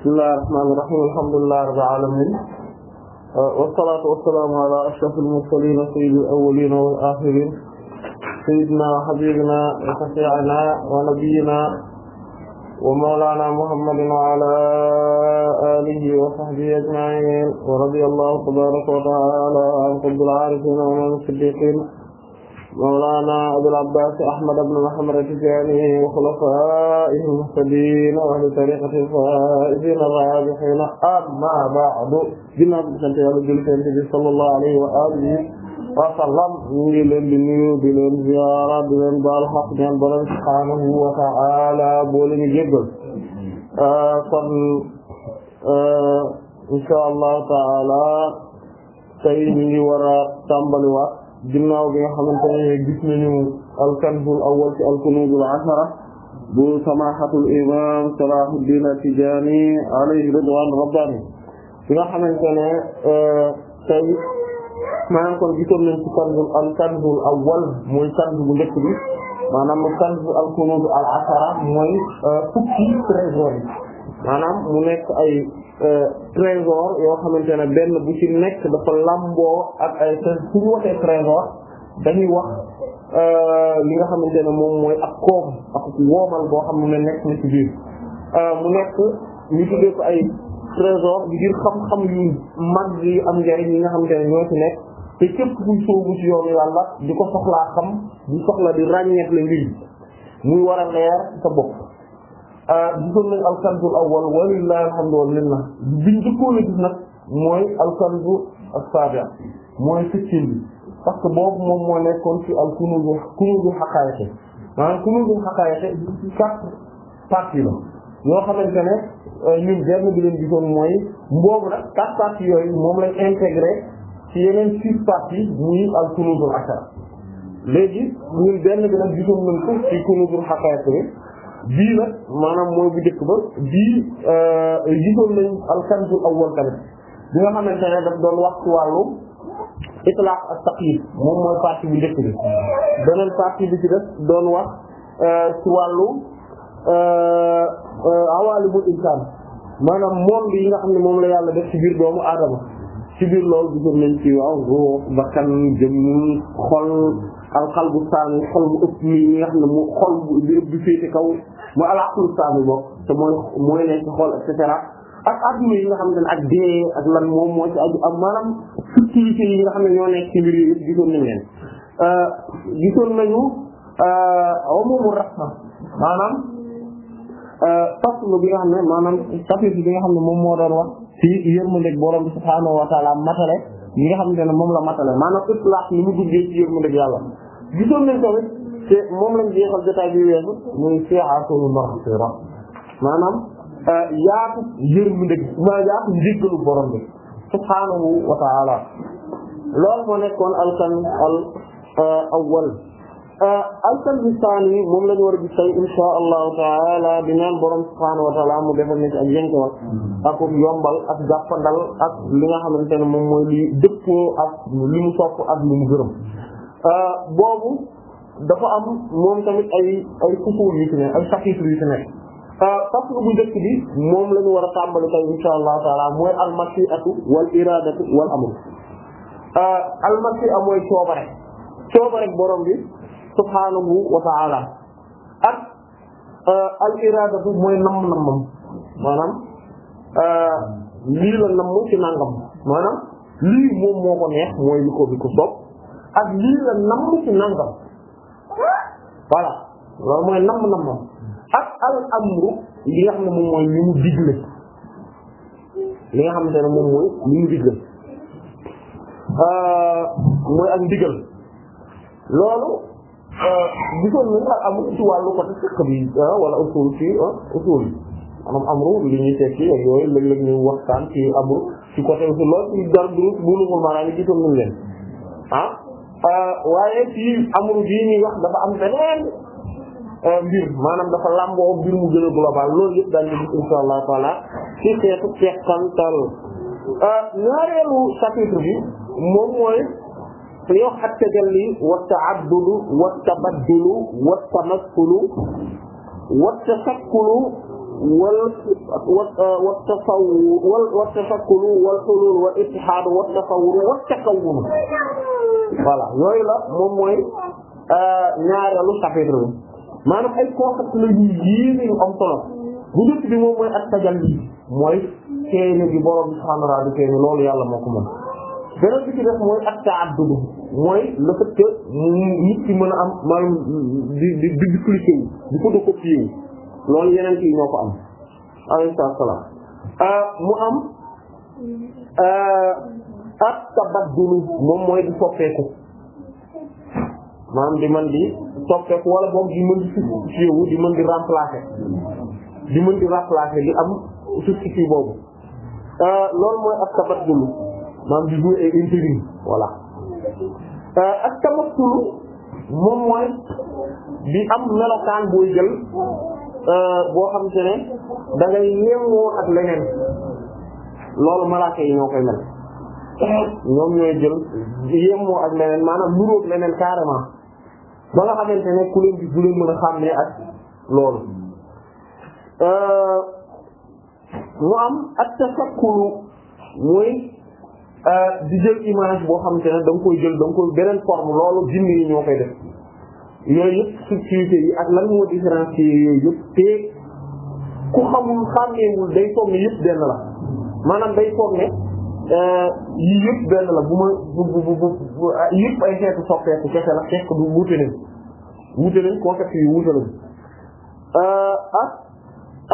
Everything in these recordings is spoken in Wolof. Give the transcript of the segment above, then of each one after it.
bismillahir rahmanir rahim alhamdulillahi rabbil alamin uh, wassalatu wassalamu ala ashrafil mursalin sayyidil awwalin wal akhirin sayyidina wa habibina wa shafi'ina wa nabiyyina wa mawlana muhammadin wa ala alihi wa sahbihi ajma'in wa radiyallahu tabaraka wa ta'ala an qutbil arifin wa man siddiqin mawlana Abul Abbas Ahmad ibn Muhammad at-Tijani wa khulafaa'ihi al-muhtadiin wa ahli tariiqatihi al-faa'iziina ar-raabihiin, amma ba'du, ginnaaw bi sant Yàlla julli ci Nabi sallallahu alayhi wa aalihi wa sallam, ñu ngi leen di nuyu di leen ziyaara di leen baal xaq ñaan Boroom subhaanahu wa ta'aala boole ñu jéggal euh, kon euh, inshaa Allah ta'aala tey ñu ngi war a tàmbaliwaat ginnaaw bi nga xamante ne gis nañu al-kanzul awwal ci al-kunuzul ashara bu samaahatul imam Salahuddin At-Tidjânî alayhi ridwanu rabbani bi nga xamante ne euh, tey maanaam kon gisoon nañ ci kanzul al-kanzul awwal mooy kanz bu njëkk bi maanaam kanz al-kunuz al-ashara mooy euh, fukki trésor yi maanaam mu nekk ay euh, trésor yoo xamante ne benn bu ci nekk dafa lamboo ak ay su ñu waxee trésor dañuy wax euh, li nga xamante ne moom mooy ak koom ak woomal boo xam ne nekk na ci biir euh, mu nekk ñu tuddee ko ay trésor ngir xam-xam yu mag yi am njariñ yi nga xamante ne ñoo ci nekk te képp kuy ci yoonu yàlla di ko soxlaa xam di soxla di ràññeet la mbir muy war a leer sa bopp a nañ alkanzul awwal walillahi alhamdu wal minna biñ jëkkoon a gis nag mooy alkanzu as-sabi' mooy sëccin bi parce que boobu moom moo nekkoon ci al kunuzu kunuzu haqaa'iq maanaam kunuzu haqaa'iq la yoo xamante ne euh, ñun benn bi leen gisoon mooy mboobu nag quatre parties yooyu moom lañ intégré ci yeneen six parties muy al kunuzul ashar léegi ñun benn bi nag gisoon nañ ko ci kunuzul bii nag maanaam mooy bu njëkk ba bii euh, gisoon nañ alkanzul awwal tamit bi nga xamante ne daf doon wax ci wàllu itlaq ak taqyid moom mooy partie bu njëkk bi beneen partie bi ci def doon wax euh, ci wàllu euh, awaalimul insaan maanaam monde yi nga xam ne moom la yàlla def ci biir doomu aadama ci biir loolu gisoon nañ ci waaw ruux bakkan jëmm xol alqalbu saami xol bu ëpp mi nga xam ne mu xol bi ëpp bi féete kaw mooy alaqlu saami bokk te mooy mooy nekk xol et cetera ak adduna yi nga xam ne ak dee ak lan moom moo ci aju am maanaam subtilité yi nga xam ne ñoo nekk yi yëpp gisoon euh, euh, euh, bi nga xam ne maanaam chapitre bi nga xam ne moom moo doon wax ci yërmandeeg borom matale ñi nga xamante ne moom la matale maanaam itlaq ni mu duggee ci yërmande yàlla gisoon nañ tamit te moom lañ jeexal jotaay bi weesu muy si'atul euh, maghfira maanaam yaatu yërmande maanaam yaatu njéggalu borom bi subhaanahu wa ta'ala loolu moo alkan al euh, awwal Euh, alkan bi moom lañu war a gis tey insha allahu taala di ñaan borom subhaanahu wa taala mu defal nit mm-hmm. ak yënkuwaat ak yombal ak jàppandal ak li nga xam ne moom mooy li dëppoo ak li mu sopp ak li mu gërëm euh, boobu dafa am moom tamit ay ay fusuur yu ne ay chapitre yu ci ne parce que euh, bu njëkk bi moom lañu war a tàmbali tey insha allahu taala mooy almasiatu wal iradatu wal amru almasia mooy coobare coobare borom bi subhaanahu wa ta'ala ak euh, al iradatu mooy namm nammam maanaam euh, lii la namm ci nangam maanaam lii moom moo ko neex mooy li bi ko soob ak lii la namm ci nangam voilà loolu mooy namm nammam ak al amru li nga xam ne mooy li mu digle li nga xamante ne mooy li mu digle euh, mooy ak loolu Euh, gisoon nañu al amru ci wàllu côté fiqh bi ah, wala usul ci ah, usul yi maanaam amru li ñuy tekki ak yooyu léeg-léeg ñu waxtaan ci amru ci côté usul loolu ci dar durus ni gisoon nañu leen ah euh, waaye ci amru bii ñuy wax dafa am beneen euh, mbir maanaam dafa làmboo mbir mu gën a global loolu yëpp daal ñu gis insha allah taala ci xeetu tekkantal ñaareelu chapitre bi moom mooy yow at-tajalli wa ta'addulu wa tabaddulu wa tamassulu wa tafakkulu wal wa tasawwur wa tafakkulu wal hulul wa ittihad wa tasawwur wa takawun voilà yooyu la moom mooy euh, ñaareelu chapitre bi maanaam ay concept la yu yéeme yu am solo bu njëkk bi moom mooy at-tajalli mooy feeñu bi borom subhaanahu wa ta'aala feeñu loolu yàlla moo ko moom beneen bi ci def mooy ak ta'addud mooy le fait que nit ki mën a am maanaam di di di dupliquer wu di photocopier wu loolu yeneen kii ñoo ko am alayhi salaam ah, mu am ah, ak tabaddulu moom mooy di soppeeku maanaam di man di soppeeku wala boog di mën di substituer wu di mën di remplacer di mën di remplacer li am substitut boobu ah, loolu mooy ak tabaddulu maam di jouer ay intérim voilà euh, ak tamattul moom mooy bi am melokaan booy jël euh, boo xam te ne da ngay ak leneen loolu malaaka yi ñoo koy mel ñoom ñooy jël yengoo ak leneen maanaam nuróog leneen carrément ba nga xamante ne ku leen di mën a xàmmee ak loolu euh, mu am ak tafakkulu mooy Euh, di jël image boo xamante ne da koy jël da koy beneen forme loolu jinne yi ñoo koy def yooyu yëpp subtilité yi ak lan moo différencier yooyu yëpp te ku xamul xàmmeewul ne yëpp benn la maanaam day foog ne euh, yëpp benn la bu ma bu bu bu ah, yëpp ay xeetu soppeeku kese la fekk du wuute nañ wuute nañ concept yi wuute nañ euh, ak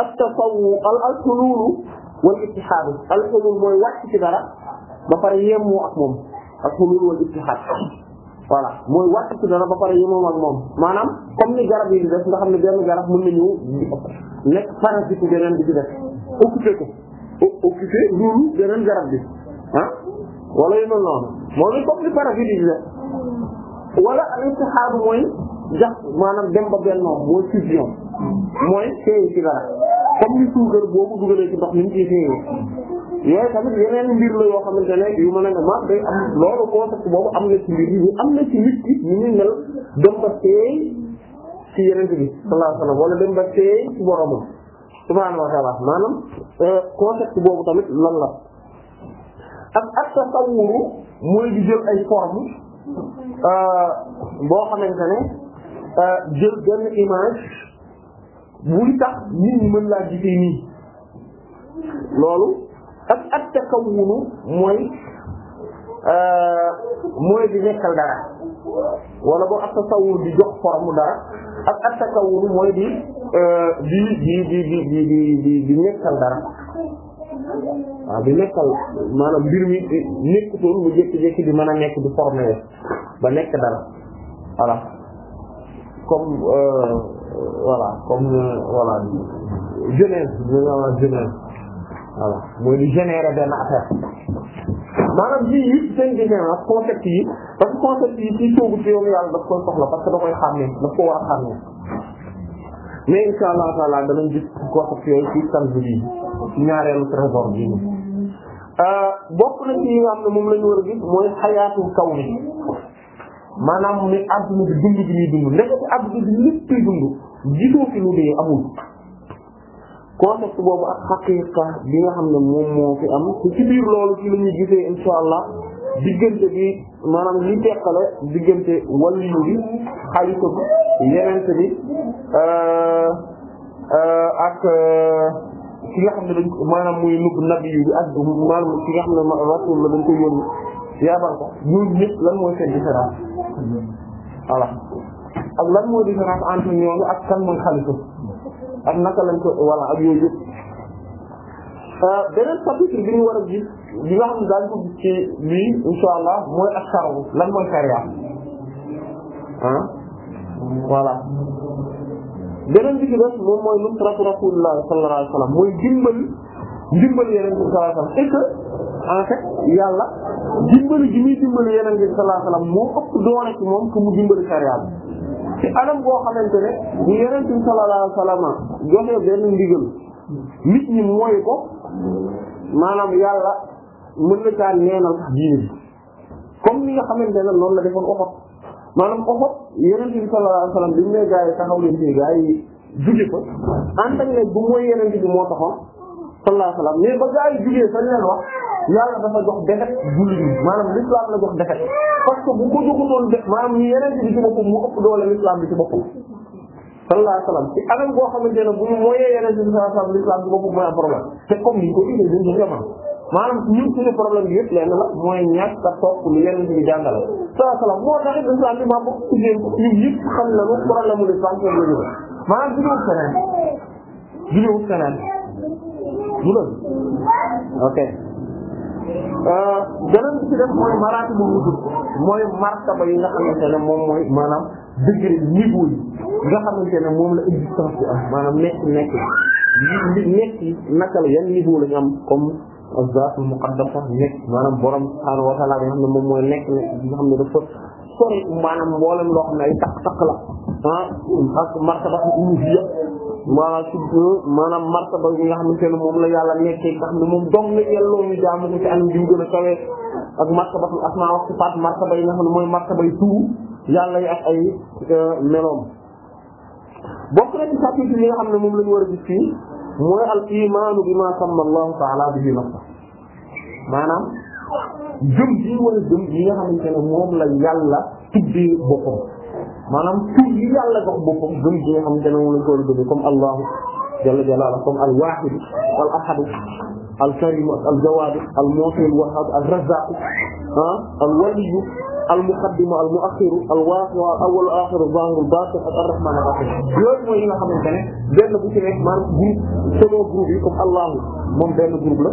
ak tafawu al al hulul wal ittihad al hulul mooy wàcc ci dara. ba pare yemoo ak moom ak moom wal ittihad voilà mooy wàcc ci dara ba pare yemoo ak moom maanaam comme ni garab yi di def nga xam ne benn garab mën nañu nekk parasite beneen bi di def occupé ko occupé loolu beneen garab bi ah wala yu mel noonu mooy comme ni parasite yi di def wala al ittihad mooy jax maanaam dem ba benn moom mooy fusion mooy feeñ ci dara comme ni suukar boobu dugalee ci ndox ni mu ciy feeñee yooyu tamit yeneen mbir la yoo xamante ne yu mën a nga ma loolu concept boobu am na ci mbir yi am na ci nit ki ñu ñu mel dem ba seey ci yeneen bi sallallahu wala dem ba seey ci boromam subhaanahu wa ta'ala euh, concept boobu tamit lan la ak ak tasawuru mooy di jël ay forme euh, boo xamante ne euh, jël image buy tax nit mën laa gisee nii loolu ak ak takawunu mooy euh, mooy di nekkal dara wala boo ak tasawur di jox forme dara ak ak takawunu mooy euh, di di di di di di di nekkal dara waaw di nekkal maanaam mbir mi nekkutoon mu jékki-jékki di mën a nekk di formé ba nekk dara voilà comme euh, voilà comme voilà genèse bi nga wax genèse voilà mooy lu générer benn affaire maanaam lii yëpp seen différence concept yi parce que concept yi ci soobu ci yoonu yàlla daf koy soxla parce que da koy xàmmee daf ko war a xàmmee mais insha euh, xam ne moom la ñu war a gis mooy xayaatu kaw ni maanaam ni adduna bi dund bi ñuy nekk ci adduna bi lépp dund gisoo fi lu dee amul contexte boobu ak xaqiqa bi nga xam ne moom moo fi am ci biir loolu ci la ñuy gisee insha allah diggante bi maanaam li teqale diggante waliyu bi xalifa bi yenente bi euh, euh, ak euh, ki nga xam ne dañ maanaam muy ak maanaam ki nga xam ne rasul la ko ñun ñëpp lan mooy seen différence mm-hmm. voilà ak lan mooy différence ak kan mooy xalifa ak naka lañ ko wala ak yooyu yëpp euh, beneen chapitre bi ñu war a gis bi nga xam ne daañu ko gis ci lii insha allah mooy ak sharbu lan mooy sharia ah voilà beneen bi ci des moom mooy nusratu rasulullah sallallahu alayhi wa sallam mooy dimbali dimbali yeneen bi sallallahu alayhi wa sallam yàlla dimbali gi muy dimbali yeneen bi sallallahu alayhi wa moo ëpp doole ci moom que mu dimbali sharia ci anam boo xamante ne ñu yonent bi sallallahu alayhi ñi mooy ko maanaam yàlla mën na caa neenal sax diine bi comme ni nga xamante ne noonu la defoon oxot maanam oxot yonent bi sallallahu alayhi wasallam bi mu ne gaa yi taxaw leen ci gaa moo taxoon sallallahu alayhi wa sallam mais ba gaa yi jugee fa leen wax yàlla dafa jox defet jullit ñi maanaam l'islam la jox defet parce que bu ko joxutoon def maanaam ñu yeneen bi ci boppam mu ëpp doole l'islam bi ci boppam sallallahu alayhi wa sallam ci anam boo xamante ne bu ñu mooyee yeneen bi sallallahu alayhi wa sallam l'islam bi mooy am problème te comme ni ñu ko indee ah. bi yëpp lenn la mooy ñàkk a topp lu yeneen bi jàngale sallallahu alayhi wa sallam moo tax l'islam bi maa bokk ci géen ko ñu yëpp xam na lu problème u l'islam foofu la du la ok euh, beneen bi ci def mooy maraati bu wujud mooy martaba yi nga xamante ne moom mooy maanaam degré niveau xam nga xamante ne moom la existence bi nekk nekk naka la yan niveau la ñu am comme zaatu muqaddasa nekk maanaam borom subhaanahu wa ta'ala nga xam ne moom mooy nekk nekk nga xam ne dafa sori maanaam mboolem loo xam ne ay takk takk la ah ak martaba uluhiyya maanaam tudd maanaam martaba yi nga xamante ne moom la yàlla nekkee nga xam ne moom dong la yelloo ñu jaamu ko ci anam bi mu gën a kawe ak martabatul asmaa wa sifaat martaba yi nga ne mooy martaba yi tuur yàlla yi ak ay euh, meloom. bokk yi nga xam ne moom la ñu war a gis fii mooy al imaanu bi ma samma allahu taala bihi nafsa maanaam jëm bii wala jëm yi nga xamante ne moom la yàlla tuddee boppam. maanaam tur yi yàlla jox boppam gëm gi nga xam te ne moom lañ ko war a gëm comme allahu jalla jalaaluhu comme al waahid al ahad al karim ak al jawaad al mu'ti al wahhab al razzaq ah al waliyyu al muqaddimu al mu'akhkhiru al waasi'u al awwalu al aaxiru al zaahiru al baatin ak ar rahmaanu ar rahiim yooyu mooy yi nga xamante ne benn bu ci nekk maanaam groupe selon groupe yi comme allahu moom benn groupe la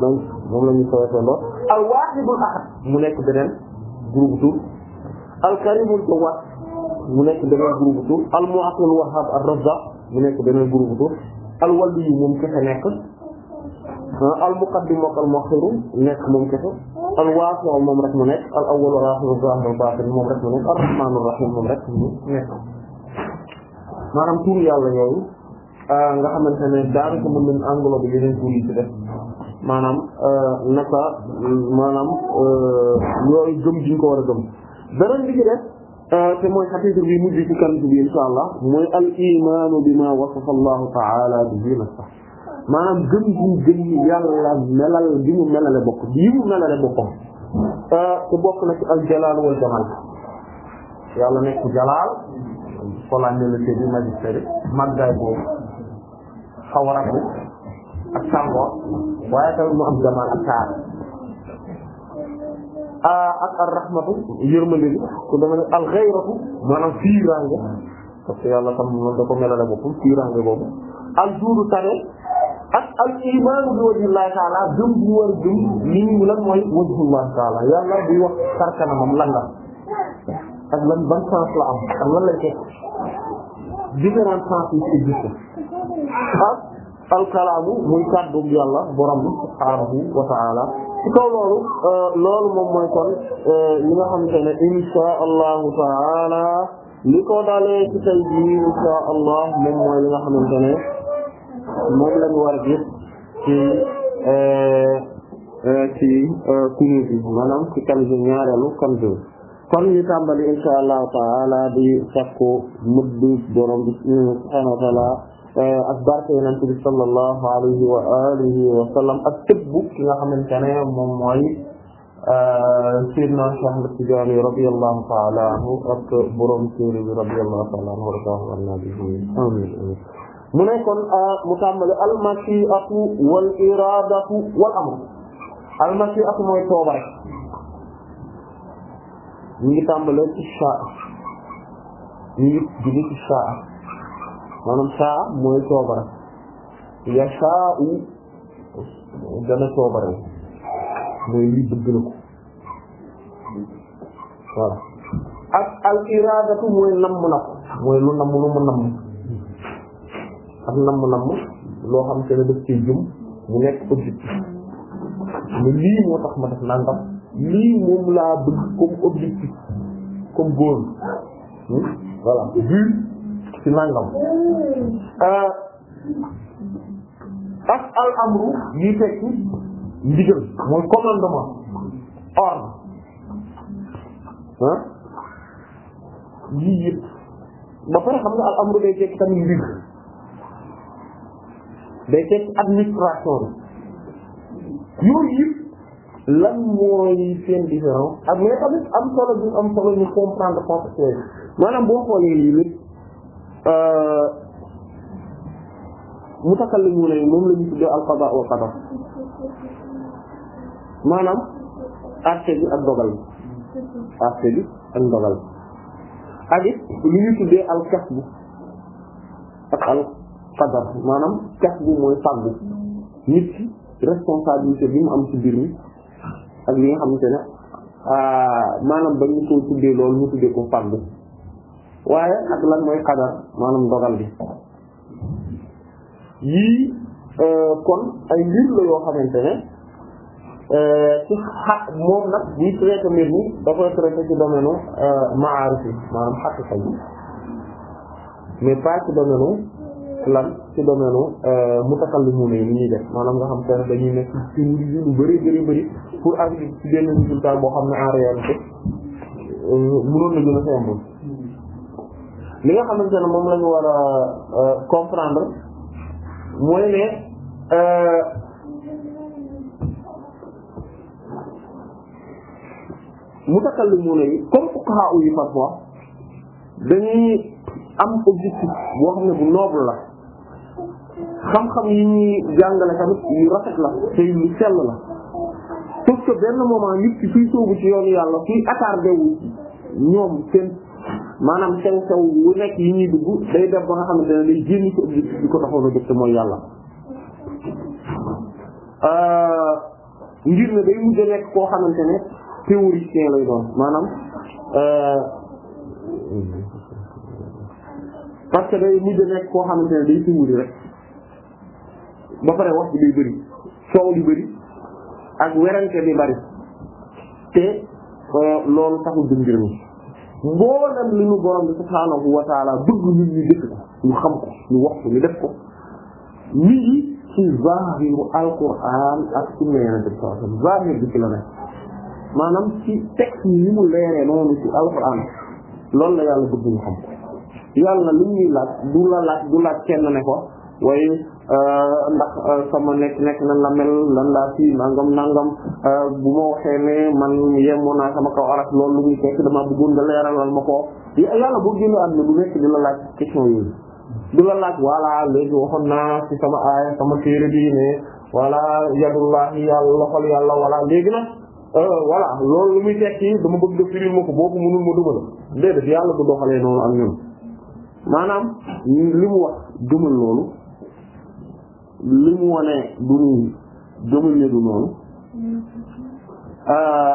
donc moom la ñu soxla lool al waahidul ahad mu nekk beneen groupe tur al karimul jawaad mu nekk beneen groupe bu tur al mu'atil wahhab ar razzaq mu nekk beneen groupe bu tur al wali yu moom kese nekk ah, al muqaddim ak al mu'akhir nekk moom kese al wasi' moom rek mu nekk al awwal wal akhir zahir moom rek mu nekk ar rahman ar rahim moom rek mu nekk maanaam tur yàlla yooyu ah, nga xamante ne daanaka mën nañ englober bi tur yi ci def maanaam ah, naka maanaam yooyu gëm gi ñu ko war a gëm beneen bi ci Euh, te mooy xaqiiqa bi mujj ci kanam bi insha allah mooy al imaanu bima wasafa allahu taala bihi nafsahu maanaam gëm gu gëm yàlla melal bi mu melale bokk bi mu melale boppam euh, te bokk na ci al jalaal wal jamal yàlla nekk jalaal solennité bi majesté bi màggaay boobu xaw ak sàngoor waaye tamit mu am jamal ak taar ak ar rahmatu yërmande bi ku dama ne al ghayratu fiiraange parce yàlla tam moom da ko melale boppam fiiraange boobu al juudu tane ak al imaanu bi wajhillahi ta'ala gëm bu war gëm li lan mooy wajhullahi ta'ala yàlla buy wax karkanamam lan la ak lan ban sens la am ak lan lañ ko différents sens yi existe ak al kalaamu muy kàddu yàlla borom subhaanahu wa ta'ala ci kaw loolu euh, loolu moom mooy kon euh, li nga xamante ne insha allahu taala li ko dalee ci tey jii insha allah moom mooy li nga xamante ne moom lañu war a gis ci euh, ci kunus bi maanaam ci kanzu ñaareelu kanzu kon ñu tàmbali insha allahu taala di sakku mudd borom bi subhaanahu taala ak barke yonent bi sallallahu alayhi wa alihi wa sallam ak tëbbu ki nga xamante ne moom mooy euh, Seydina Cheikh Ahmad Tidiane radiyallahu ta'ala anhu ak borom téere bi radiyallahu ta'ala anhu warataana bihi amin amin mu ne kon euh, mu tàmbale almashiatu wal iradatu wal amr almashiatu mooy tooba rek ñu ngi tàmbale ci shaa ñu ngi jóge ci shaa maanaam saa mooy coobara sa dana coobare mooy lii bëgg na ko voilà ak al iraadatu mooy namm na ko mooy lu namm lu mu namm ak namm namm loo xam te ne daf cee jëm mu nekk objectif mais lii moo tax ma def nangam lii moom laa bëgg comme objectif comme góor hmm? voilà ci nangam euh, ak al amru yi tekki ndigal mooy commandement ordre ah yii yëpp ba pare xam nga al amru day tekki tamit mbir day tekki administration yooyu yëpp lan mooy seen différence ak mais tamit am solo bi am solo ñu comprendre concept yooyu maanaam boo xoolee lii Euh, mutakallimuuna yi moom la ñu tuddee al-qadaa wal qadar maanaam àtte bi ak dogal bi bi ak dogal bi ak it lu ñu tuddee al qadar maanaam kasb mooy fàggu nit responsabilité bi mu am ci biir mi ak li nga xamante ne euh, maanaam ba ñu ko tuddee loolu ñu tuddee ko fàggu waaye ak lan mooy xadar maanaam dogal bi yii euh, kon ay mbir la yoo xamante ne euh, ci xaq moom nag buy traité mbir mi da koy traité ci domaine u euh, maarif yi maanaam xaqiqa ni ñuy def maanaam nga xam te dañuy nekk ci yu lu bëri bëri bëri pour arriver ci benn résultat boo xam ne en réalité mënoon na gën a li nga xamante ne moom la ñu war a euh, comprendre mooy ne euh, mutakallimuna yi comme fuqaha yi parfois dañuy am objectif boo xam ne bu noble la xam-xam yi ñuy jàngale tamit yu rafet la te yu sell la sauf que benn moment nit ki suy sóobu ci yoonu yàlla suy attardé wu ñoom seen maanaam sew sew wu nekk yi ñuy dugg day def ba nga xamante ne day génn ci objectif bi ko taxoon a jóg mooy yàlla euh, ngir ne day mujj a nekk koo xamante ne théoricien lay doon maanaam euh, parce que day mujj a nekk koo xamante ne day théorie rek ba pare wax bi day bëri soow li bëri ak werante bi bari te euh, loolu taxul du mbir mi mboolem li ñu borom bi subhaanahu wa taala bëgg nit ñu dëkk ñu xam ko ñu wax ko ñu def ko mi ci zaahiru alquran ak sunna yeneen bi sallallahu alayhi wasallam zaahir bi la ne maanaam ci texte yi ni mu leeree noonu ci alquran loolu la yàlla bëgg ñu xam ko yàlla li ñuy laaj du la laaj du laaj kenn ne ko waaye Euh, ndax euh, sama nekk nekk na la mel lan laa fi nangam nangam euh, bu ma waxee ne man yemoon naa sama kaw aras lool lu muy fekk damaa bëggoon nga leeralal ma ko yàlla boo génne àdduna du di la laaj question yooyu du la laaj voilà léegi waxoon naa ci sama aaya sama téere bi ne voilà yadullahi yàlla loxol yàlla voilà léegi nag voilà loolu lu muy tekki dama bëgg nga firil ma ko boo ko mënul ma yàlla du doxalee noonu ak ñun maanaam li mu wax dugal loolu li mu wane du nii gëmuñ ne du noonu ah,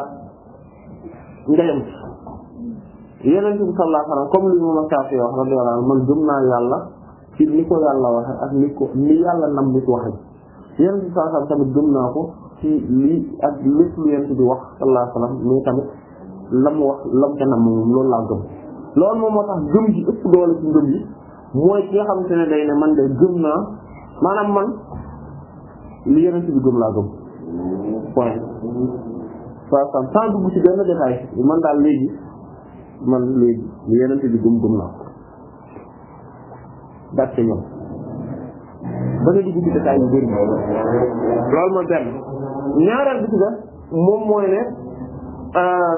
ngayam yeneen bi sallallahu alayhi wasallam comme li mu ma saafee wax radiyallahu anhu man gëm naa yàlla ci ni ko yàlla waxe ak ni ko ni yàlla nam nit waxe yeneen bi sallallahu alayhi wasallam tamit gëm naa ko ci lii ak lépp lu yent bi wax sallallahu alayhi wasallam mais tamit lam wax lam ca nam moom loolu laa gëm loolu moom moo tax gëm ji ëpp doole ci ngëm yi mooy ki nga xamante ne day ne man de gëm naa maanaam man li yeneen bi gëm laa gëm point par exemple sans dugg ci benn détail man daal léegi man léegi li yeneen bi gëm gëm naa daat ca ñoom ba nga dugg ci détail yu bëri loolu mooy benn ñaareel bi ci moom mooy ne euh,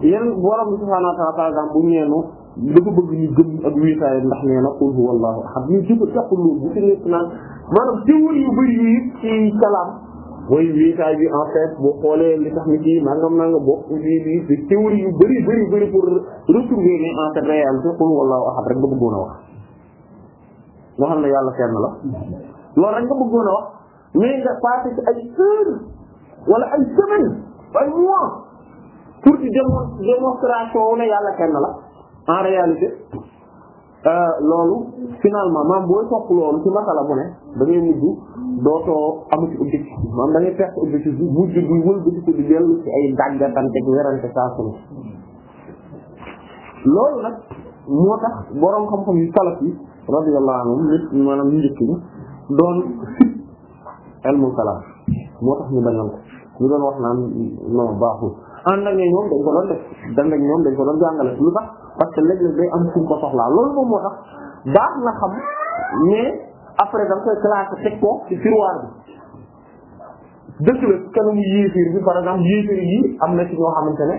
yeneen borom bi subhaanahu wa ta'aala exemple bu ñeenu dafa bëgg ñu gëm ak wéetaay ndax nee na qul huwa allahu ahad ñu jëfa jàpp loolu bu fi naan maanaam jëwal yu bëri yi ci kalaam mooy wéetaay bi en fait boo xoolee li tax ni ci nangam nangam boo lii lii ci théorie yu bëri bëri bëri pour retrouver ne en fait réalité qul huwa allahu ahad rek nga bëggoon a wax nga xam ne yàlla kenn la loolu rek nga bëggoon a wax mais nga passé ci ay heures wala ay semaines ay mois pour di démonstration ne yàlla la en réalité euh, loolu finalement maam booy topp loolu ci masala bu ne da ngay mujj dootoo amu ci objectif maam da ngay perte objectif bi mujj bi wëlbati di dellu ci ay dàggatante werante saa su loolu nag moo tax boroom xam-xam yu salaf yi radiyallahu anhum nit maanaam ñu njëkk ñi doon ilmul kalam moo tax ñu bañoon doon wax naan non baaxul ànd ak ne ñoom dañ ko doon de ànd ak ñoom dañ ko doon jàngale lu tax parce que léeg day am suñ ko soxlaa loolu moom moo tax baax na xam ne après da nga koy classé teg ko ci tiroir bi. dëkk la ci kanamu bi par exemple yéeféer yi am na ci ñoo xamante ne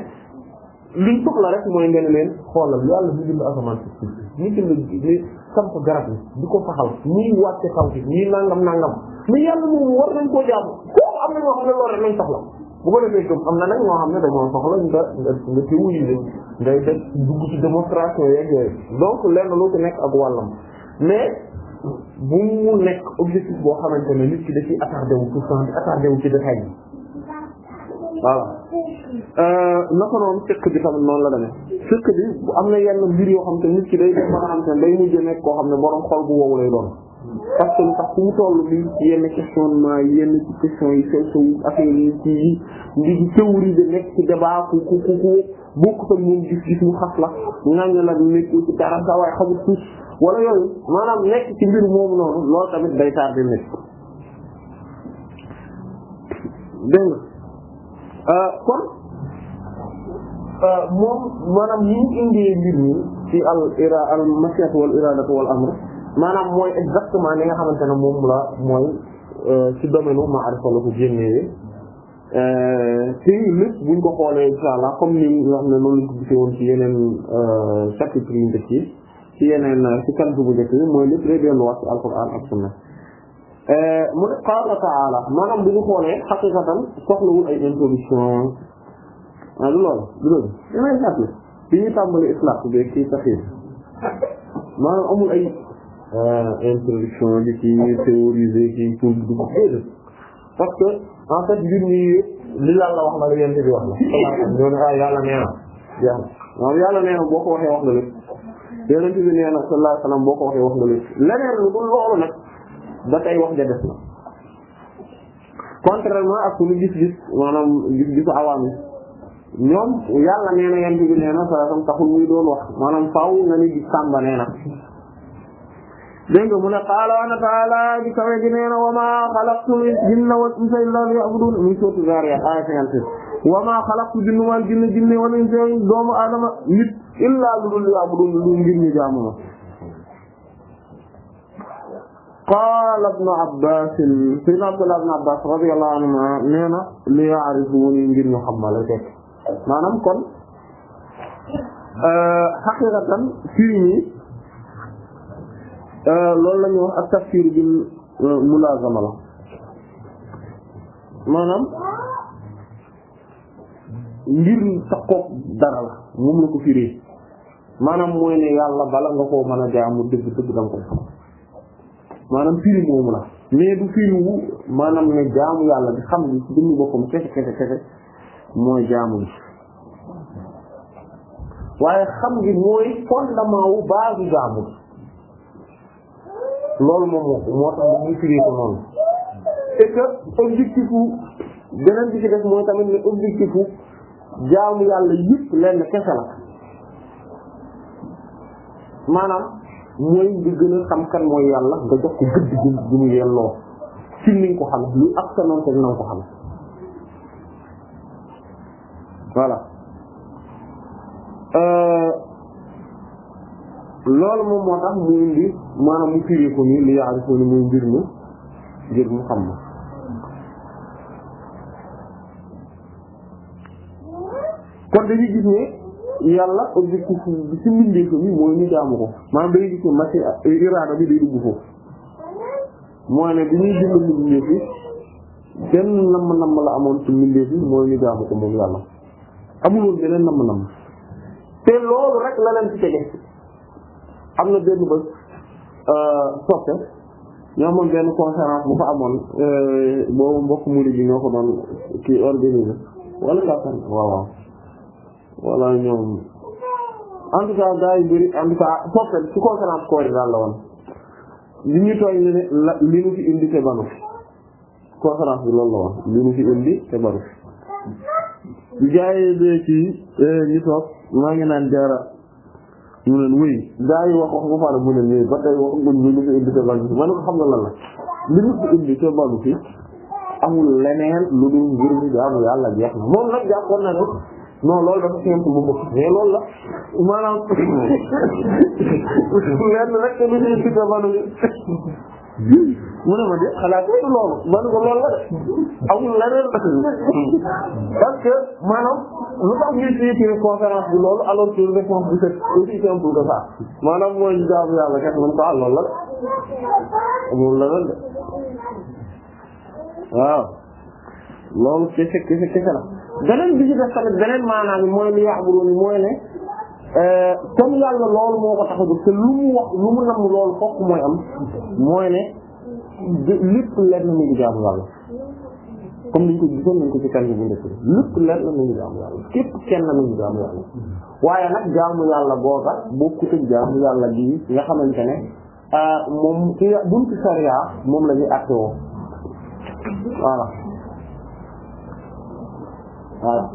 liñ soxla rek mooy ngeen leen xoolal yàlla ñu bind asamaan si ñu bind ni samp garab yi di ko faxal ñuy wàcce xaw si ñuy nangam nangam mais yàlla moom war nañ koo jaamu koo am na ñoo xam ne loolu rek lañ soxla. bu ko defee itam am na nag xam ne dañoo soxla nga nga nga teewuñu ngay def dugg ci démonstration yeeg yooyu donc lenn lu ci nekk ak wàllam mais bu mu nekk objectif boo xamante ne nit ki da ciy attardé wu tout le temps di attardé wu ci détail yi voilà euh, naka noonu fekk bi tamit noonu la demee fekk bi am na yenn mbir yoo xam te nit ki day def ba nga xam ne day mujj nekk koo xam ne borom xol bu wow lay doon. parce que sax fu mu toll nii ci yenn questionnement yenn ci questions yi sew sew affaire yi ci yi ngi théoriser nekk ci débat ku ku ku ku bokkut ak moom gis-gis mu xas la ñaañ la nekk ci dara sa waaye xamul tuuti yooyu maanaam nekk ci mbir moomu noonu loolu tamit day tardé nekk dégg euh, kon euh, moom maanaam ni ñu indee mbir mi ci al ira al masiyat wal iradatu wal amr maanaam mooy exactement li nga xamante ne moom la mooy euh, ci domaine maarifa la ko génnee ci euh, lépp buñ ko xoolee insha allah comme ni nga xam ne noonu lañ ko gisee ci yeneen euh, chapitre ci yeneen ci kantu bu njëkk yi mooy lépp day delluwaat ci alquran ak sunna mu ne qaala taala maanaam bu xoolee xaqiqatan soxlawul ay introduction ah du loolu du loolu yeneen bi ñuy tàmbali islaq bi kii taxir maanaam amul ay introduction bi ci théoriser ci pour dugg déedéet parce que en fait mbir mi li yàlla la yéen bi wax la yàlla nee na jeex na waaw yàlla nee na boo ko waxee wax nga lépp yonent bi nee boo ko waxee wax nga lépp leneen lu dul loolu nag ba tey wax ja des na contrairement ak suñu gis-gis maanaam gis-gisu awaam ñoom yàlla nee na yonent bi nee na sallallahu alayhi wasallam doon wax maanaam faaw nga ni gis sàmba nee dégg nga mu ne qaala wa ta'ala di kawe gi nee wa maa xalaqtu jinna wal insa illa liya'budun muy sotu Zaariyaat aaya cinquante wa maa xalaqtu jinna wal jinna jinne doomu aadama nit illa liya'budun lu ngir ñu jaamu ma. Abbaas sayyidina Abdullah ibnu Abbaas radiyallahu anhu nee na liya'rifuni ngir ñu xam ma la kon euh, haqiqatan fii Euh, loolu la wax ak tafsir bil euh, mulazama la maanaam ngir takkook dara la moom la ko firee maanaam mooy ne yàlla bala nga koo mën a jaamu dëgg dëgg danga ko maanaam firi moomu la mais du firiwu maanaam ne jaamu yàlla di xam ni ci dënnu boppam kese kese kese mooy jaamu bi waaye xam gi mooy fondement wu baasu jaamu loolu moom moo tax ñu firi ko noonu et que objectif u bi ci def mooy tamit ni objectif u jaamu yàlla yëpp lenn kese la maanaam mooy di gën a kan mooy yàlla nga jox ko gëdd gi gi mu yelloo ci ni ko xam lu ak sa noon ko xam voilà loolu moom moo tax mu indi maanaam mu firi ko nii li yaarifu ni muy mbir mu ngir mu xam ma kon dañuy gis ne yàlla objectif bi ci mbindeef mi mooy ñu jaamu ko maanaam dañuy gis ne machine iraada bi day dugg foofu mooy ne bi ñuy bind mbindeef yi benn namm-namm la amoon ci mbindeef yi mooy ñu jaamu ko moom yàlla amul woon beneen namm-namm te loolu rek la leen ci tege am na benn bés euh, soppe ñoo benn conférence bu fa amoon euh, boobu mbokk murid bi ñoo ko doon kii organisé wala kàttan waaw waaw wala ñoom en tout cas gars yi bëri en tout daal la woon li ñu tooñ ne la li ñu fi indi te banu fi conférence bi loolu la woon li ñu fi indi te banu fi gars yi de euh, ñu toog maa ngi naan jaara ñu leen wéy gaa yi wax wax ba pare mu leen wéy ba tey nga man xam nga la li ñu fi indi cobaan bi amul leneen lu dul ngir ñu jaamu yàlla jeex na moom nag jàppoon na ne non loolu dafa simple bu bëgg mais loolu la maanaam lenn rek te lu ñu indi cobaan bi mu ne ma de xalaat du loolu man ko loolu la de amul leneen parce que maanaam lu tax ñuy tiitiri conférence bi loolu alors que réponse bi c'est aussi simple que ça maanaam mooy jaamu yàlla kat man ko ah loolu la de amul leneen de waaw loolu kese kese kese la beneen bi ci def tamit beneen maanaam mooy li yaaburoon mooy ne Euh, comme yàlla loolu moo ko tax a lu mu lu mu nam loolu fokk mooy am mooy ne lépp lenn mi ngi jaamu yàlla comme ni ñu ko gisoon nañ ko ci kan bi njëkk lépp lenn mi ngi jaamu yàlla képp kenn mi ngi jaamu yàlla waaye nag jaamu yàlla booba bokkut ak jaamu yàlla gi nga xamante ne ah, moom ci buntu sariya moom la ñuy àttewoo voilà voilà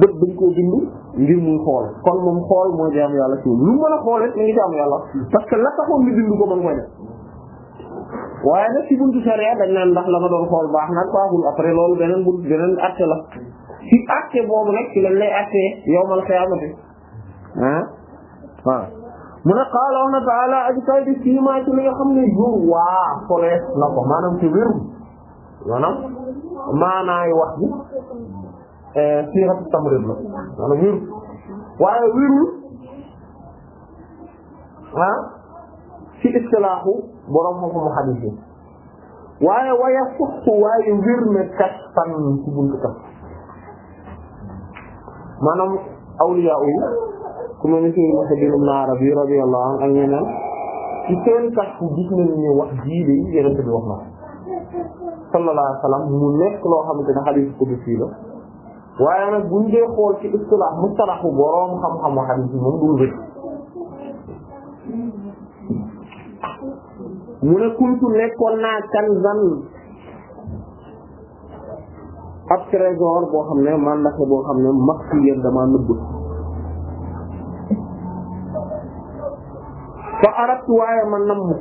bët dañ koo bind ngir muy xool kon moom xool mooy jaam yàlla ci lu mën a xoolee mi ngi jaam yàlla parce que la taxoon ñu bind ko mën koy def waaye nag ci buntu sariya dañ naan ndax la ma doon xool baax nag baaxul après loolu beneen buntu beneen acte la ci acte boobu nag ci lañ lay acte yawmal qiyaamati ah waaw mu ne qaala wax na taala aji kay di siima ci li nga xam ne yu waa xolees na ko maanaam ci wéru maanaam maanaay wax bi Euh, siiratu Tamriid la maanaam wéru waaye wérul ah ci istilaaxu borom xam-xamu hadiis yi waaye waya suxtu waaye wér na kat fan ci buntu kat maanaam awliyaa yi ku mel ni Sëriñ Muhammad ibn Arabi radiyallahu anhu ak ñeneen ci seen kat gis nañu ne wax jii de Yonent bi wax na sallallahu alayhi wa mu nekk loo xamante ne hadiis qudsi la waaye nag buñ dee xool ci istilah mustalahu boroom xam-xamu xadiis bi moom dul rëcc mu ne kuntu nekkoon naa kanzan ab trésor boo xam ne man ndaxe boo xam ne maxfiyan dama nëbb fa aratu waaye man nam mu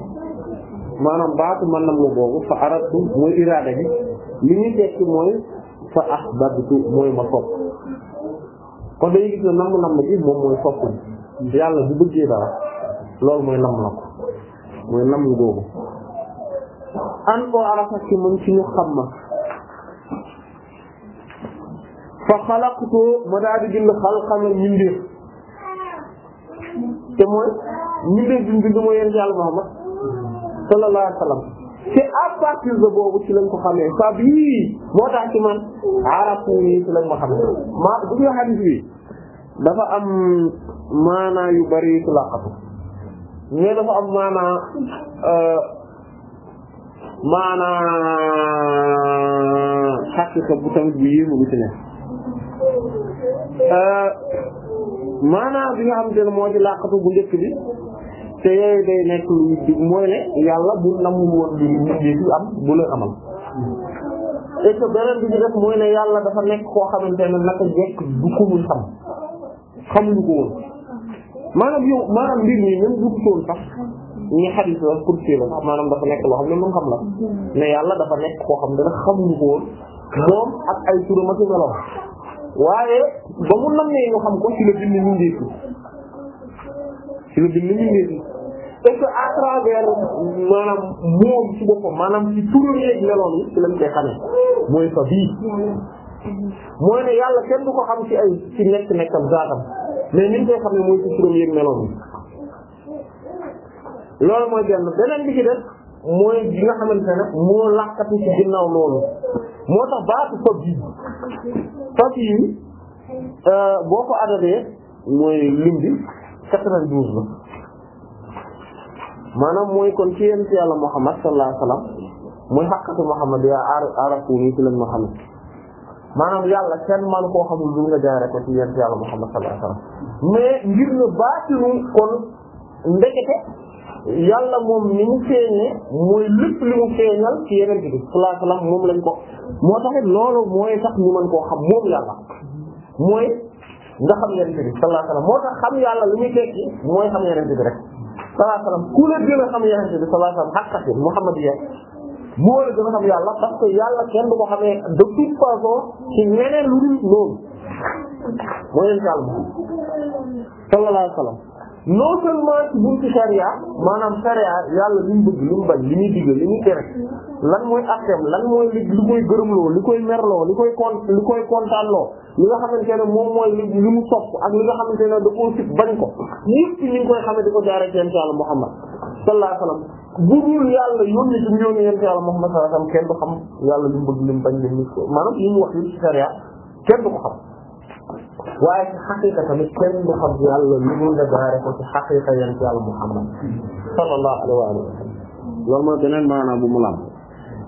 maanaam baatu man nam mu boobu fa aratu mooy iraada bi li ñuy mooy fa ahbabtu mooy ma sopp kon dañuy gis ne namm namm bi moom mooy sopp bi yàlla bu bëggee dara loolu mooy namm na ko mooy namm googu an koo arafat ci moom ci ñu xam ma fa xalaqtu ma daal di bind xalqan mindeef te mooy mindeef bi mu bind mooy yéen yàlla Muhammad sallallahu alayhi wa sallam c'est à partir de boobu ci lañ ko xamee fa bii moo tax ci man arafu nii ci lañ ma xamee maa bu ñu xadis bi dafa am maanaa yu bari ci laqatu mais dafa am maanaa euh, maanaa xaqiqa bu tamit bu yéemu bu ci ne euh, maanaa bi nga xam te ne moo ci laqatu bu njëkk bi te yooyu day nekk lu mooy ne yàlla bu namu woon li nit di am bu la amal et que beneen bi ñu def mooy ne yàlla dafa nekk koo xamante ne naka jekk du ko ko woon maanaam yow maanaam mbir mi même dugg toon sax ñi xadis la pour la dafa nekk loo xam ne mun xam la ne yàlla dafa nekk koo xam ne nag moom ak ay turam ak meloom waaye ba mu nam nee ñu xam ko ci la bind ñu ndeefi ci la bind ñu ndeefi et que à travers maanaam moom ci boppam maanaam ci turam yeeg meloon yi ci lañ koy xamee mooy fa bii mooy ne yàlla kenn du ko xam ci ay ci nekk nekkam zaatam mais ni ñu koy xamee mooy ci turam yeeg meloon yi loolu mooy benn beneen bi ci def mooy bi nga xamante ne moo làkkatu ci ginnaaw loolu moo tax baatu fa bii euh, boo ko adadee mooy lim bi quatre vingt la maanaam mooy kon ci yent yàlla Muhammad sallallahu alayhi wa sallam mooy xaqatu Muhammad yaa arafu nii ci lañ ma xam maanaam yàlla kenn man koo xamul lu nga jaare ko ci yent yàlla Muhammad sallallahu alayhi wa sallam mais ngir na baatinu kon ndekete yàlla moom ni mu feeñee mooy lépp li mu feeñal ci yeneen bi sallallahu alayhi wa sallam moom lañ ko moo taxit loolu mooy tax ñu mën koo xam moom yàlla mooy nga xam yeneen bi sallallahu alayhi wa sallam moo tax xam yàlla li muy tekki mooy xam yeneen bi rek sallallahu alayhi wasallam ku la gën a xam yonent bi sallallahu alayhi wasallam xaqati muhammadiyya la gën a xam yàlla parce que yàlla kenn du ko xamee de toute façon ci ñeneen lu dul loolu mooy yonent yàlla sallallahu non seulement ci buntu charia maanaam charia yàlla li mu bëgg li mu bañ li muy digal li muy tere lan mooy àtteem lan mooy li li koy gërëmloo li koy merloo li koy kon li koy kontaanloo li nga xamante ne moom mooy li li mu sopp ak li nga xamante ne da koo sib bañ ko ñëpp ci li nga koy xamee di ko jaaree ci yonent yàlla Muhammad sallallahu alayhi wa sallam bu dul yàlla yónni ci yónni yonent yàlla Muhammad sallallahu alayhi wa sallam kenn du xam yàlla li mu bëgg li mu bañ li mu maanaam li mu wax yi ci charia kenn du ko xam waaye ci xaqiqa tamit kenn du xam yàlla lu dul nga jaare ko ci xaqiqa yan ci yàlla Muhammad sallallahu alayhi wa sallam loolu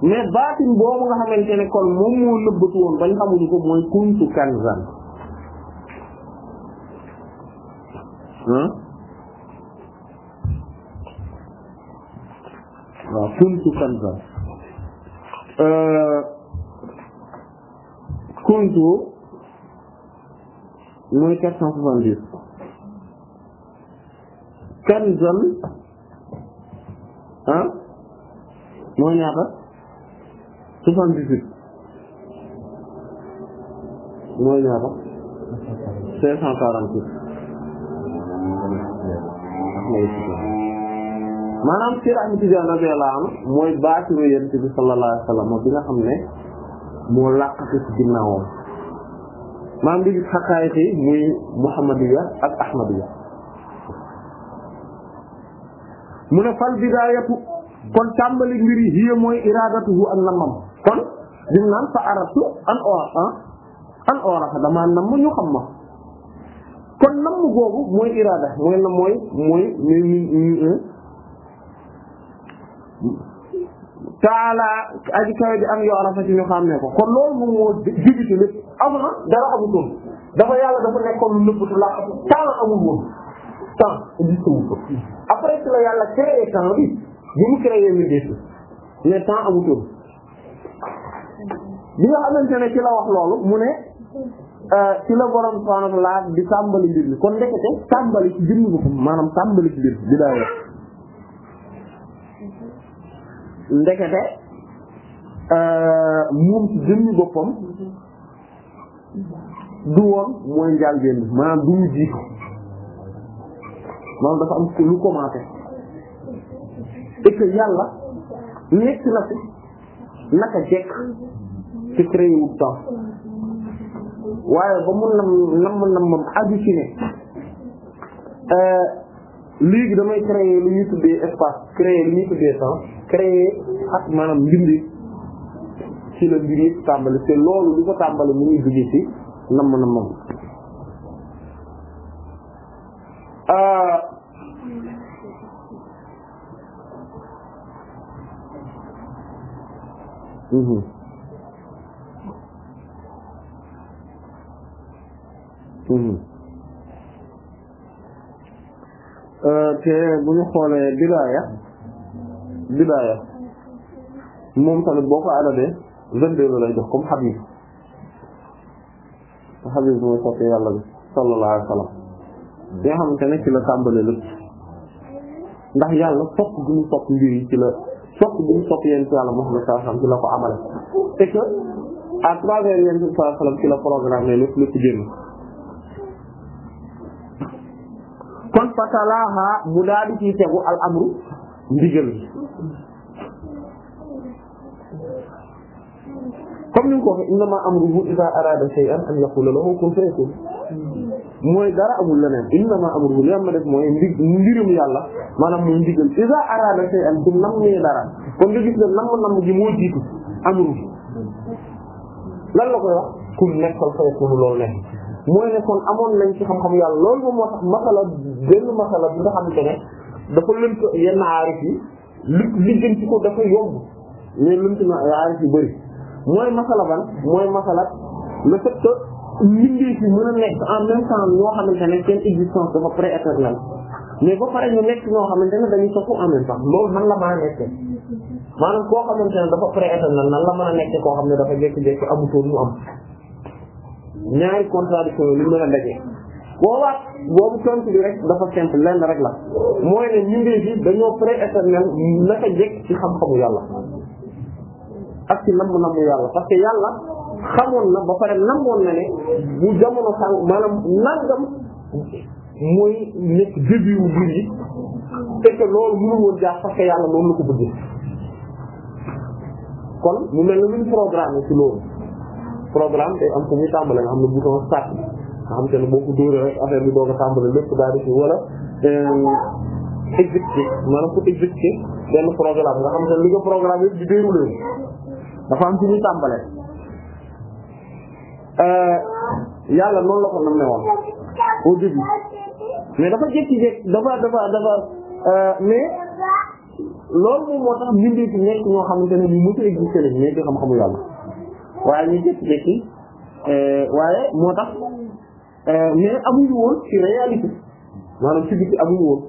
mooy baatin boobu nga xamante ne kon moom moo nëbbatu woon bañ ko mooy kuntu kanzan waaw kuntu euh, kuntu mooy quatre cent soixante-dix kanzan ah mooy ñaata soixante-dix-huit mooy ñaata cinq cent quarante-huit maanaam si Ahmad Tijaan radiyallahu anhu mooy baatiru Yonent bi sallallahu alayhi wa sallam bi nga xam ne moo làq ci ginnaawam maam ngi gis xaqaayiq muy muhammadiya ak ahmadiya mu ne fal bidaayatu kon tàmbali mbir yi hiya mooy iradatuhu an namam kon dim naan fa aratu an or ah, an orafa damaa namm ñu xam ma kon namm googu mooy irada mooy na mooy mooy taala aji kawe bi am yoo arafa ci ñu xam ko kon loolu moom moo jibiti lépp am na dara amul dafa yàlla dafa nekkoon lu nëbbatu la taala temps existé ko après bi bi mu créé mi ci la wax loolu mu ne euh, ci la borom subhanahu wa ta'ala di tàmbali mbir mi kon ndekete tàmbali ci jëmmi boppam maanaam tàmbali ci mbir bi daa ndekete euh, moom ci jëmmi boppam du woon mooy njaal benn maanaam du mu jiitu maanaam dafa am lu commencé et que yàlla nekk na fi naka jekk ci créé wu temps waaye ba mu nam nam nammam aju ci ne euh, léegi damay créer lu ñuy tuddee espace créer lu ñuy tuddee temps créé ak maanaam mbindi ci la mbir yëpp tàmbali te loolu li ko tàmbali mu ngi jóge ci nam na moom te bu ñu xoolee bilaaya bidaaya moom tamit boo ko adabee vingt-deux la lay jox comme Habib Habib mooy sotti yàlla bi sallallahu sallam bi nga xamante ne ci la tàmbalee lépp ndax yàlla sopp gu mu sopp mbir yi ci la sallam ci la ko amale c'est que à travers sallam ci programme lépp lépp génn kon fatalaaha mu daal di tegu al amru ndigal bi comme ni nga ko waxee innamaa amruhu idaa araada shay'an an yaquula lahu kun fayakun mooy dara amul leneen innamaa amruhu li am na def mooy ndig ndirum yàlla maanaam mooy ndigal idaa araada shay'an su nammee dara kon nga gis ne namm namm gi moo jiitu amru lan la koy wax kun nekkal fayakunu loolu nekk mooy ne kon amoon nañ ci xam-xam yàlla loolu moom moo tax masala benn masala bi nga xamante ne dafa lënt yenn aarif yi li li gën ci ko dafa yomb mais lënt na aarif yu bëri mooy masala ban mooy masala le fait que mën a nekk en même temps ñoo xamante ne seen existence dafa prééternelle mais ba pare ñu nekk ñoo xamante ne dañuy soppu en même temps loolu nan la maa a nekkee maanaam koo xamante ne dafa prééternel nan la mën a nekkee koo xam ne dafa jékki amu amutoon mu am ñaari contradiction li lu mën a daje boobaat boobu tontu bi rek dafa simple lenn rek la mooy ne mbindeef yi dañoo prééternel naka jekk ci xam-xamu yàlla ak ci namm namm yàlla parce que yàlla xamoon na ba pare namoon na ne bu jamono sàng maanaam nangam mooy nekk début wu mbir yi te loolu mënul woon jaar parce que yàlla noonu la ko bëggee kon mu mel ne luñ programme ci loolu programme day am fu muy tàmbale nga xam ne bouton start nga xam te ne boo ko dóoree rek affaire bi doo ko tàmbale lépp daal di ci wala euh, exécuté maanaam pour exécuté benn programme nga xam te li nga programme di déroulé dafa am fi muy tàmbale euh, yàlla noonu la ko nam ne woon au début mais dafa jékki-jékki dafa dafa dafa euh, mais loolu moom moo tax mbindeef fi nekk ñoo xamante ne ñu mënut a existé lañ nekk xam-xamu yàlla waaye ñu jékki-jékki euh, waaye moo tax mais amuñu woon ci réalité maanaam ci biti amuñu woon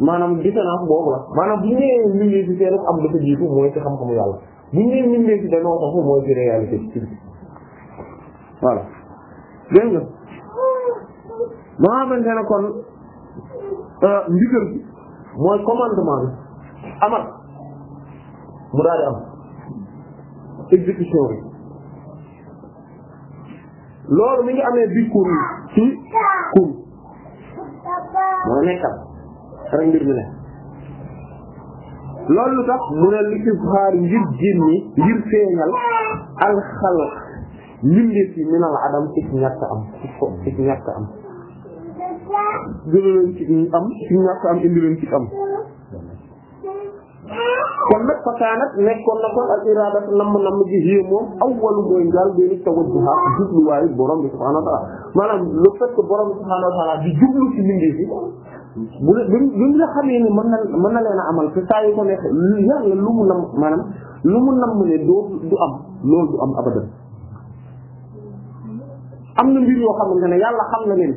maanaam différence boobu la maanaam bu ñëwee mbindeef fi seen am dafa jiitu mooy ci xam-xamu yàlla bu ñu leen bindee ci danoo taxu mooy ci réalité ci voilà dégg nga ba nga xamante ne kon euh, ndigal bi mooy commandement bi amal mu daal di am exécution bi loolu mi ngi amee biir kur yi ci kur moo nekkal rek mbir mi loolu lu tax mu ne li ishaar ngir génne ngir feeñal alxalq mbindeef yi minal adam ci ñàkk am ci ñàkk am gëna ci am ci ñàkk am indi leen ci am kon nag fakaanat nekkoon na kon al iradatu namm namm ji yé moom awwalu mooy njaal béeni tawajjuha jubluwaayu borom bi subhanahu wa taala maanaam le fait que borom bi subhanahu wa taala di jublu ci mbindeef yi bu la bi nga xamee mën na mën na leen a amal te saa yu ko nekk yàlla lu mu nam maanaam lu mu nam ne doo du am loolu du am na mbir yoo na leen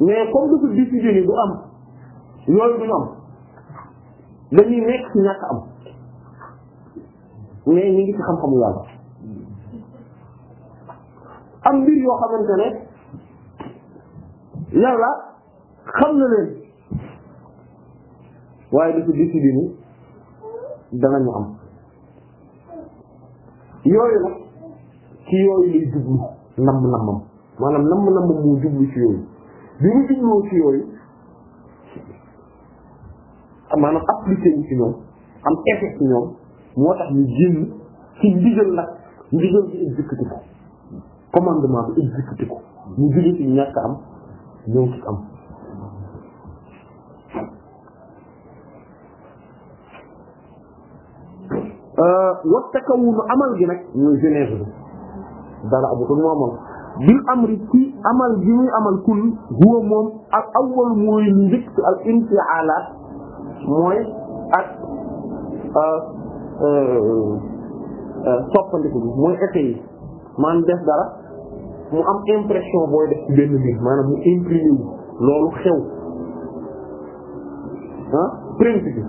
mais comme dañuy nekk ci ñàkk am mais ñu ngi ci xam-xamu yàlla am mbir yoo xamante ne yàlla. xam na leen waaye dafa décidé ni danañu am yooyu nag ci yooyu lay jublu namm nammam maanaam namm nammam moo jublu ci yooyu bi mu jubloo ci yooyu maanaam appliqué wu ci ñoom am effet ci ñoom moo tax ñu génn ci ndigal nag ndigal bi exécuté ko commandement bi exécuté ko ñu jóge ci ñàkk am ñëw ci am wat takawunu amal gi nag muy genèse dara abutul mu amal bil amri ci amal gi muy amal kun huwa moom ak awwal mooy njëkk al intialaat mooy ak euh, euh, soppandiku bi mooy effet yi def dara mu am impression booy def ci benn mbir maanaam mu imprimé wu loolu xew ah principe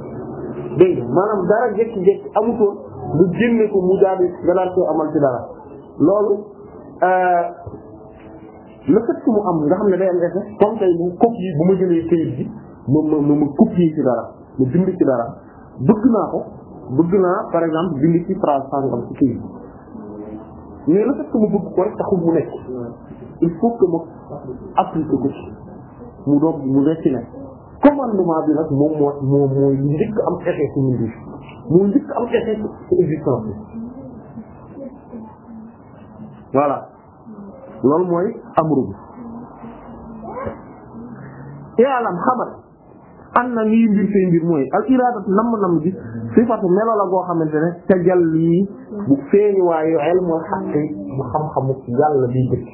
maanaam dara jékki-jékki amutoon lu génne ko mu daal di ganaar ko amal ci dara loolu euh, le fait mu am nga xam ne day am effet comme tey bu ma jëlee këyit bi ma ma ma ma copier ci dara ma ci dara bëgg naa ko ci phrase sangam ci këyit bi mais le fait que mu bëgg ko rek taxul mu nekk il faut que ma appliquer ko mu doog mu nekk ne commandement bi nag moom moo moom mooy njëkk am effet ci ñun bi moo njëkk am effet ci existence bi loolu mooy amru bi yaalam xamal an na lii mbir say mbir mooy al iradat namm-namm bi sifatu melo la goo xamante ne tajal lii bu feeñ waayu ilmul xaqi mu xam-xamu yàlla bi dëkk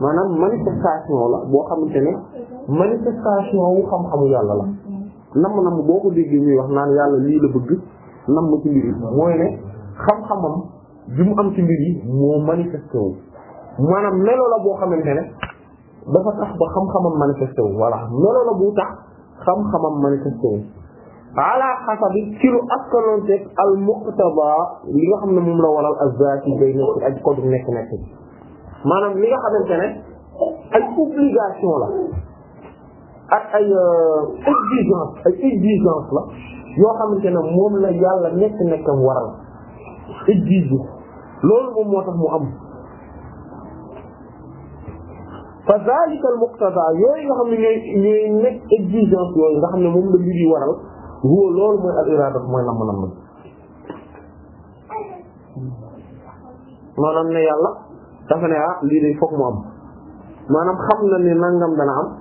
maanaam manifestation la boo xamante ne manifestation wu xam-xamu yàlla la namm namm boo ko déggee ñuy wax naan yàlla lii la bëgg namm ci mbir mooy ne xam-xamam bi mu am ci mbir moo manifesté maanaam melo la boo xamante ne dafa tax ba xam-xamam manifesté wu voilà melo la bu tax xam-xamam manifesté wu ala xasabi ci lu askanonteeg al muqtaba li nga xam ne moom la waral ak day nekk ak kodu nekk nekk maanaam li nga xamante ne ay obligation la ak ay euh, exigence ay exigence la yoo xamante ne moom la yàlla nekk nekkam waral exige loolu moom moo tax mu am fa zalika al yooyu nga xam ne ñooy ñooy nekk exigence yooyu nga xam ne moom la mbir yi waral wóo loolu mooy al irada mooy namm namm maanaam ne yàlla dafa ne ah lii de fokk mu am maanaam xam na ne nangam dana am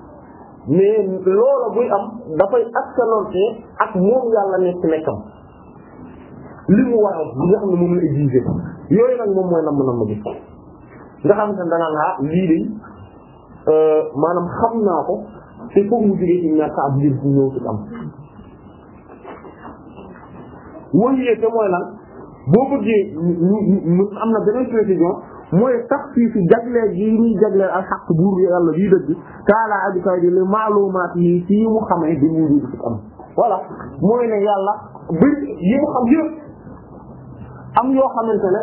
mais loola buy am dafay askanonte ak moom yàlla nekk nekkam li mu waral li nga xam ne moom la exigé yooyu nag moom mooy namm namm bi nga xam ne danaan ah lii de euh, maanaam xam naa ko te foofu mu jógee ci ñàkk ab biir si ñëw ci am wóyuyee te mooy lan boo bëggee ñu am na beneen précision mooy tax fii fi jagleel gii ñuy jagleel al xaq buur yàlla bii dëgg taala aju kay di li maalumaat yi ci mu xamee bi ñuy di am voilà mooy ne yàlla bëri yi xamante ne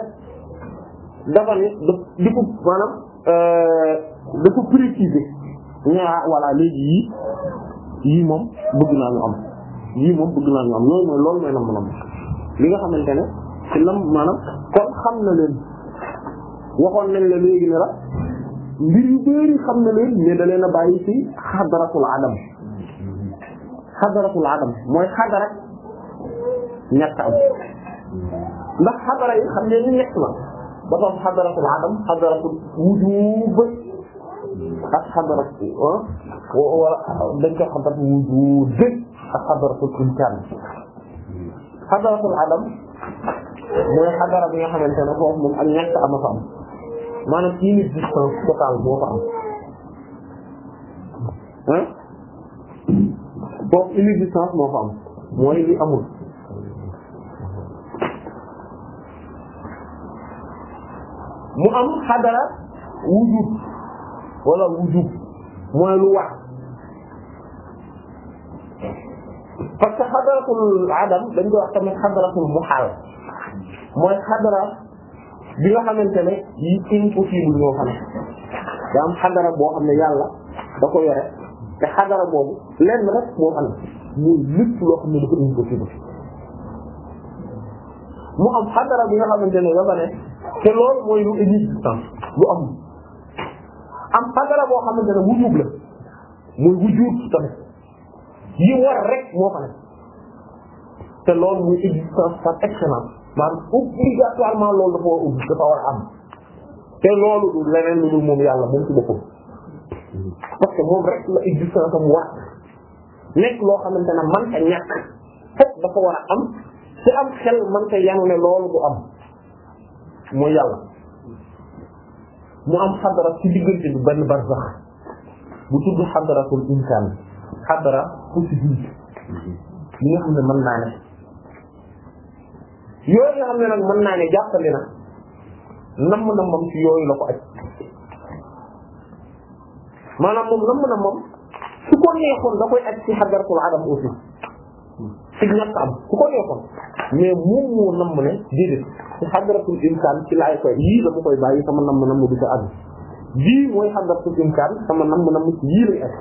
dafa ne di euh, ah, moom bëgg naa ñu am yii moom bëgg naa ñu am loolu mooy loolu mooy nam nam li nga xamante ne ci lam maanaam kon xam na leen waxoon nañ la léegi la mbir xam na leen mais da leen a bàyyi ci adam xadaratul mooy xadara ñàkk am ndax xadara xam ne ni ñett la ba tax xadaratul adam xadaratul wujub ak xadaratul wala dañ koy xadaratul wujub ak xadaratul imkaan xadaratul adam mooy xadara bi nga xamante ne foofu am maanaam inexistence totale moo fa am ah foofu inexistence moo fa am mooy li amul mu am xadara wujub wala wujub mooy lu wax parce que xadaratul adam dañ koy wax tamit xadaratul muhal mooy xadara bi nga xamante ne yi impossible ñoo xam daa am xadara boo xam ne yàlla da ko yore te xadara boobu lenn rek moo xam mooy lépp loo ne xamante ne dafa ne te loolu mooy lu inexistant lu am am xadara boo xamante ne wujub la mooy wujud tamit yi war rek moo xam ne te loolu mooy existence par excellence maanaam obligatoirement loolu dafa war a dafa war a am te loolu leneen lu dul moom yàlla moom ci boppam parce que moom rek la existence am war nekk loo xamante ne man ta ñàkk fokk dafa war a am te am xel man ta yanu ne loolu du am mooy yàlla mu am xadara ci diggante bi benn barzax bu tudd xadaratul insaan xadara possible li nga xam ne mën naa ne yooyu nga xam ne nag mën naa ne jàppandi na namm na ci yooyu la ko aj maanaam moom namm na moom su ko neexoon da koy aj ci xajaratul adam aussi ci ñett am su ko neexoon mais moom moo namm ne déedéet ci xajaratul insaan ci laay koy yii dama koy bàyyi sama namm namm du ca aju yii mooy xajaratul insaan sama namm namm yii lay aj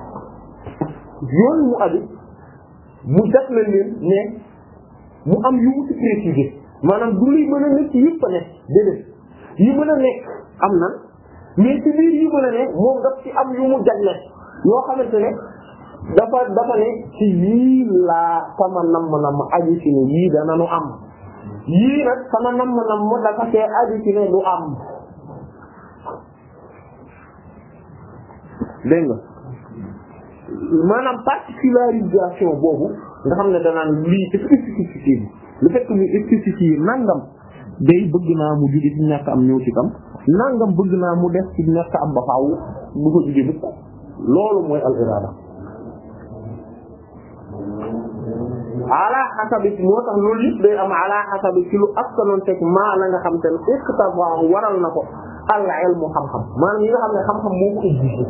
yooyu mu aju mu def na leen ne mu am yu mu maanaam du luy mën a nekk yëpp a nekk yi mën a nekk am na mais ci biir yi mën a nekk moom daf ci am yu mu jagleel yoo xamante ne dafa dafa ne ci yii laa sama namm-namm aju ci ne yii dana nu am yii nag sama namm-namm dafa see aju ci ne du am dégg nga particularisation boobu nga xam ne danaan lii spécificité bi le fait que ñu spécifier nangam day bëgg naa mu juge ci ñàkk am ñëw ci nangam bëgg naa mu def ci ñàkk am ba faaw bu ko juge mukk loolu mooy al irada ala moo tax loolu yëpp day am ala xasabi ci lu askanoon teg maa la nga xam te ne iqtaba waral na ko al ilmu xam-xam maanaam yi nga xam ne xam-xam moo ko exigé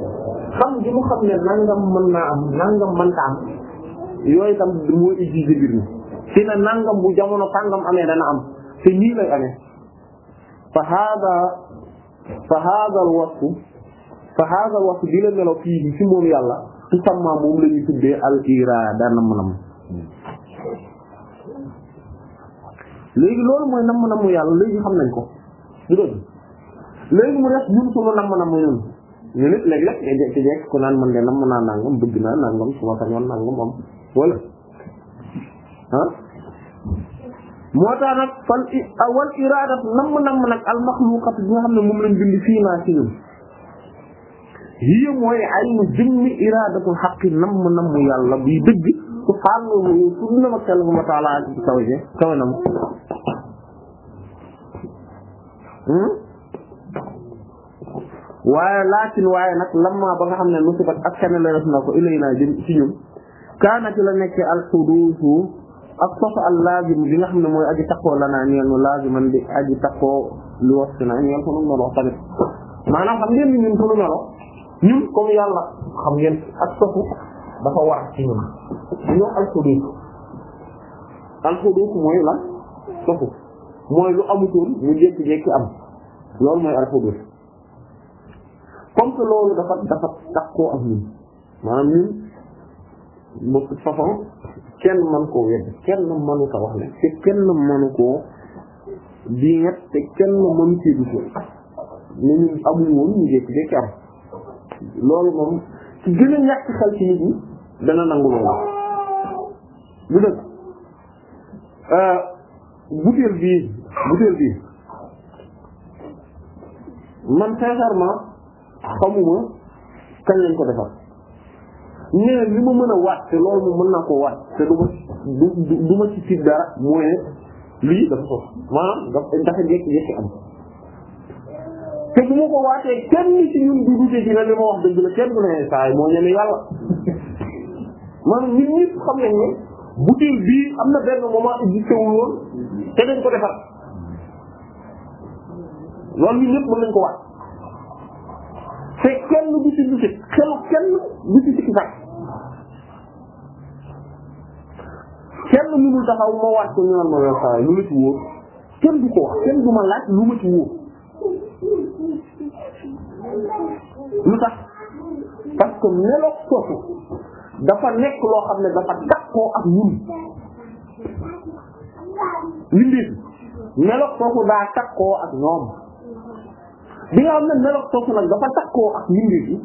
xam gi mu xam ne nangam mën naa am nangam mën ta am yooyu tam moo exigé mbir mi dina nangam bu jamono sàngam amee dana am te nii amee fa hada fa fa hada al di la melo fii ci moom yàlla tusamma moom la ñuy al irada namm-namm léegi loolu mooy namm-namm yàlla léegi xam nañ ko du léegi mu def ñun sunu namm-namm ñun ñu nit léeg-léeg nga jekk jekk ku naan man de namm naa nangam bëgg naa nangam su ma sañoon nangam am wala ah moo tax nag fal wal iraada namm namm nag al bi nga xam ne moom lañ bind fii naa ci ñun yii mooy aynu jëmmi iraadatul xaqi namm namm yàlla buy dëgg subhaanahu sunna wa taala wa taala ci kaw je kaw na mu hmm? waaye laakin waaye nag lamma ba nga xam ne musibat ak kenn la def na ko ilay naa ci ñun kaana ci la nekkee al ak sopp al laazim bi nga xam ne mooy aji takkoo la naa ñeel nu laaziman di aji takkoo li was si naa ñeel sunu melo tamit maanaam xam ngeen ni ñun sunu melo ñun comme yàlla xam ngeen ak sopp dafa war ci ñun dañoo alxudus alxudus mooy lan sopp mooy lu amutoon ñu jékki-jékki am loolu mooy alxudus comme que loolu dafa dafa takkoo ak ñun maanaam ñun de toute façon kenn mën koo wedd kenn mënu ta wax ne te kenn mënu koo di ñett te kenn mënu ci dugg ne ñun amuñu woon ñu jékki jékki am loolu moom ci gën a ñàkk xel ci dana nangu loolu lu dëgg euh, butéel bii butéel bii man sincèrement xamuma kañ lañ ko defar nee na li ma mën a waat te loolu moom mën naa koo waat te du ma du du ma dara mooy lii dafa ko maanaam dafa dafa jékki-jékki am te bu ma ko waatee kenn ci ñun du dute ci ne li ma wax dëgg la kenn du ne saa yi moo ñeme yàlla maanaam ñun ñëpp xam nañ ne butéel bii am na benn moment existé wul woon te dañ ko defar loolu ñun ñëpp mën nañ ko waat. te kenn du ci du kenn du ci sikki sax kenn mënul taxaw ma waat ko ñu naan ma lu la ci wóor kenn du ko kenn du ma laaj lu ma ci wóor lu tax parce que meloog soosu dafa nekk loo xam ne dafa dàqoo ak ñun li mbir meloog soosu daa dàqoo ak ñoom bi nga xam ne melox soosu nag dafa takkoo ak mbindir bi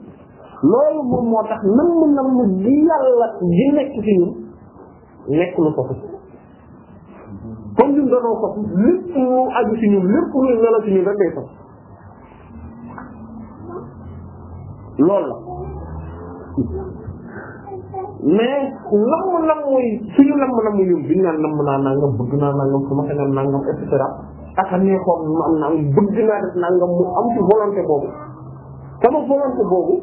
loolu moom moo tax nam nam di yàlla di nekk ci ñun nekk lu sosu comme ñun danoo sosu lépp lu aju ci ñun lépp luy melo ci ñun rek day sosu loolu la mais namm namm suñu namm namm ñun biñ naan namm naa nangam bëgg naa nangam su nangam et cetera aka neexoon ko nag bëgg naa def mu am ci volonté boobu sama volonté boobu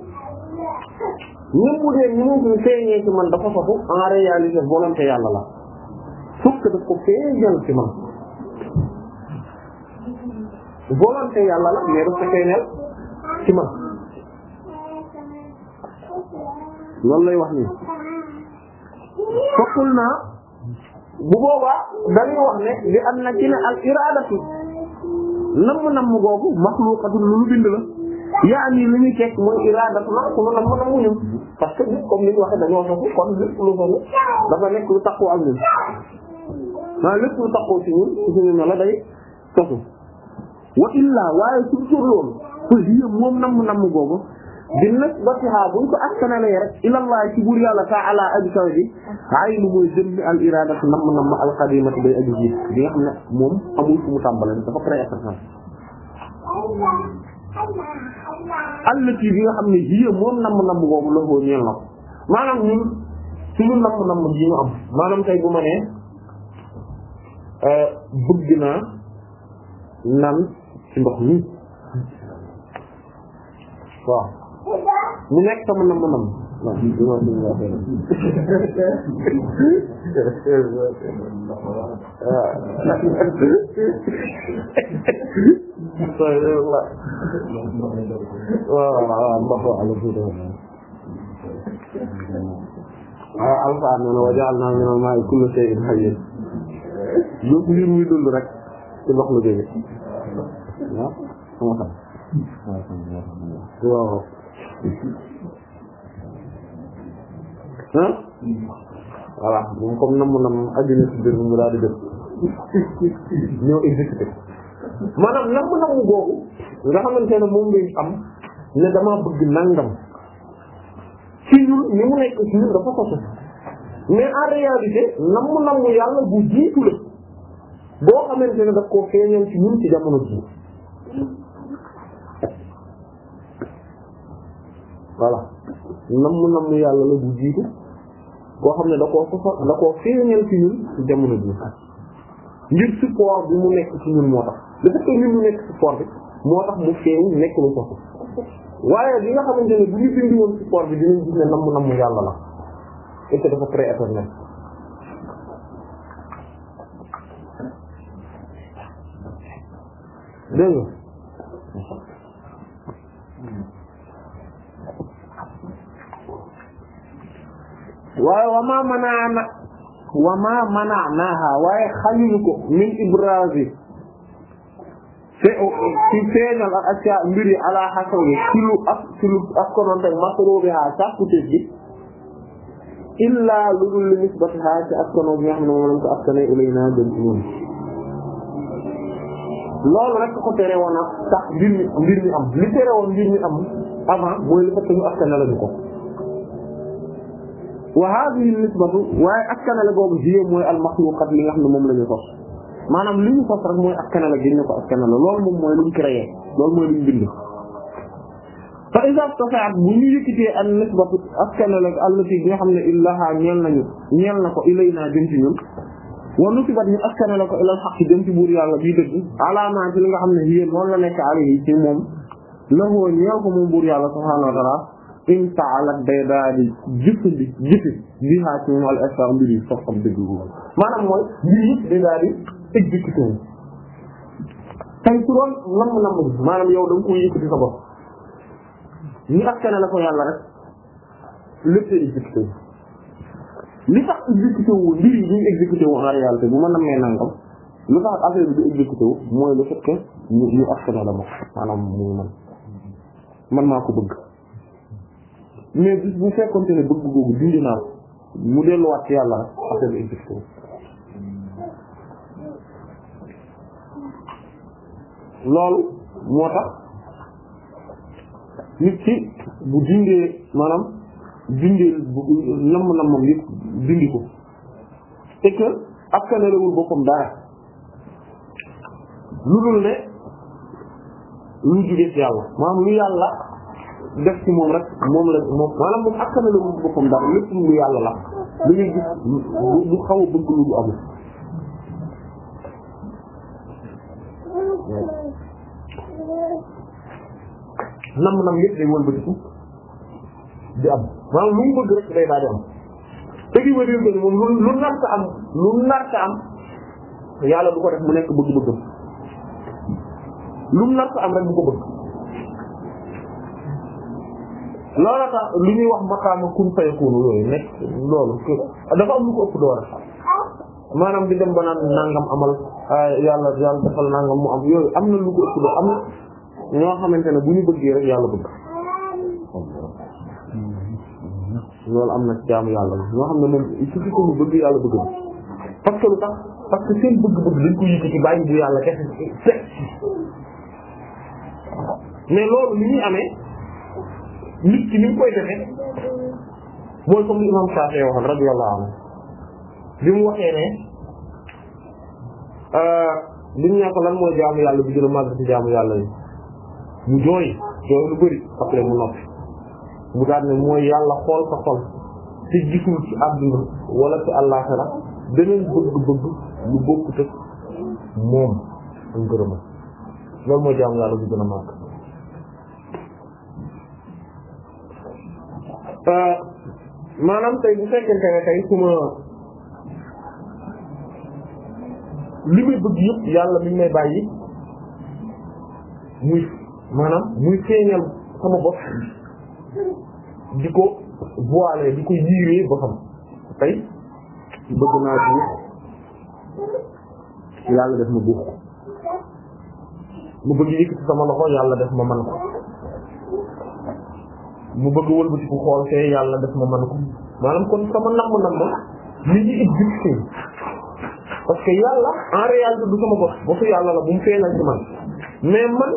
même bu dee ni mu man dafa fafu en réalité volonté yàlla la sauf que ko feeñal ci man volonté yàlla la mais daf ko man loolu lay wax nii. fokkul naa. bu boobaa dañuy wax ne li am na ci ne al iradatu namm namm googu maxluqatun lu bind la yaani li ñu teg mooy iradatu la ku namm namm ñun parce que comme ni ñu waxee dañoo soxla kon lu dafa nekk lu taxaw ak ñun maanaam lépp lu taxaw ci ñun suñu ne la day soxla wa illaa waaye suñu tur googu. din nag batihaa buñ ko askanalee rek ilallaah ci buur yàlla ta'ala aji kaw ji aynu mooy jëmmi al iradatu namm namm alxadimatu bay aji ji bi nga xam ne moom amul fu mu tàmbalee dafa préexercent allati bi nga xam ne hiya moom namm namm boobu la koo ñeel na ko maanaam bu ma nee euh, bëgg naa naan ci ndox mi waaw lu nekk sama nam nam waaw alxuraan nee na wa ja'alnaa mina al-maa'i kulla shay'in hayy lépp mbir muy dund rek ci ndox la jóge waaw waaw voilà moom comme namm nam àddina si biir bi mu daal di def ñëw exécuté maanaam namm namm googu nga xamante ne moom ngay am ne damaa bëgg nangam ci ñun ni mu nekk ci ñun dafa sosu mais en réalité namm namm yàlla bu jiitu la boo xamante ne feeñal ci ñun ci jamono ji voilà namm namm yàlla la bu jiitu koo xam ne da koo soxla da koo ñun jamono ji ngir support bi mu nekk ci ñun moo tax le fait ñun mu nekk support bi moo tax mu feeñ nekk lu support bi dinañ gis ne namm namm yàlla la et dafa très éternel dégg waaye wa maa manaana wa maa manaanaaha waaye xañuñu ko min ibraazi fe ci feeñal ak mbir yi ala xasawi ci lu ak ci lu ak konoon teg masrobiha illaa lu dul li nisbatiha ci askano bi nga xam ne moom lañ ko askane ilayna dem ci loolu rek ko tere woon tax mbir mi mbir mi am li tere woon mbir mi am avant mooy li fekk ñu askane lañu ko wa hadhihi nisbatu waaye askanale googu jiye mooy al makhluqat li nga xam ne moom la ñu sos maanaam li ñu sos rek mooy askanale gi ñu ko askanale loolu moom mooy luñ créé loolu mooy luñ bind fa isa tasaat bu ñu yëkkitee an nisbatu askanale allati bi nga xam ne illaha ñeel nañu ñeel na ko ilayna jëm ci ñun wa nusibat ñu askanale ko ilal xaq jëm ci buur yàlla bii dëgg alaamaati li nga xam ne yéen noonu la nekk alayhi ci moom lahu ñeel ko moom buur yàlla subhanahu wa ta'ala in faalat day daal di jëfandi jëfi bi xaa ci moom al asar mbir yi sof dëgg woon maanaam mooy mbir yëpp day daal di exécuté wu tey doon namm-namm bi maanaam yow da nga koy yëkkati sa bopp ñu askane la yàlla rek lépp exécuté wu wu mbir yi ñu exécuté wu en réalité bu ma nammee nangam lu tax affaire bi di exécuté wu mooy le fait que ñu ñu askane la ma maanaam muy man maa ko bëgg mais bis bu fekkonte ne bëgg googu dindi naa mu delluwaat ci yàlla rek affaire bi existé loolu moo tax nit ki bu dindee maanaam dindee namm nammam yëpp dindi ko et que askanalewul boppam dara lu dul ne lu jóge ci yàlla maanaam lu yàlla def ci moom rek moom la moom maanaam moom ak na la moom boppam daal lépp lu yàlla la lu ñuy gis lu xaw a bëgg lu amul nam nam yëpp day wëlbatiku di am maanaam lu mu bëgg rek day daal di te di wér moom lu lu am lu nar am yàlla du ko def mu nekk bëgg-bëggam lu mu nar am rek du ko bëgg. loola tax li ñuy wax maqaama kun fayakun yooyu nekk loolu dafa am lu ko ëpp doole maanaam di dem ba naan nangam amal yàlla yàlla defal nangam mu am yooyu am na lu ko ëpp doole am na ñoo xamante ne bu bëggee rek yàlla bëgg am na jaamu yàlla xam ne moom il suffit que bëgg yàlla bëgg parce que lu tax parce que seen bëgg-bëgg dañ ko yëkkati bàyyi bu yàlla kese mais loolu li ñuy amee. nit ki ni mu defee mooy comme li imam Shafi'i waxoon radiyallahu anhu mu waxee ne li euh, ñu ko lan mooy jaamu yàlla bu gën a màgg ci jaamu yàlla yi mu jooy jooy lu bëri après mu noppi mu daal mooy yàlla xool sa xool te gisul ci àdduna wala ci àllaaxira beneen bëgg-bëgg lu bokkut moom am gërëma loolu mooy jaamu yàlla bi gën a màgg maanaam tey bu fekkente ne tey su ma li may bëgg yëpp yàlla mi may bàyyi muy maanaam muy feeñal sama bopp di ko voiler di ko yiiree ba xam tey bëgg naa ci yàlla def ma buux mu bëgg yëkkati sama loxo yàlla def ma man ko mu bëgg wëlbati ko xool fee yàlla def ma mën ko maanaam kon sama namm namm li ñu existé parce que yàlla en réalité du sama bopp boppu yàlla la bu mu feeñal ci man mais man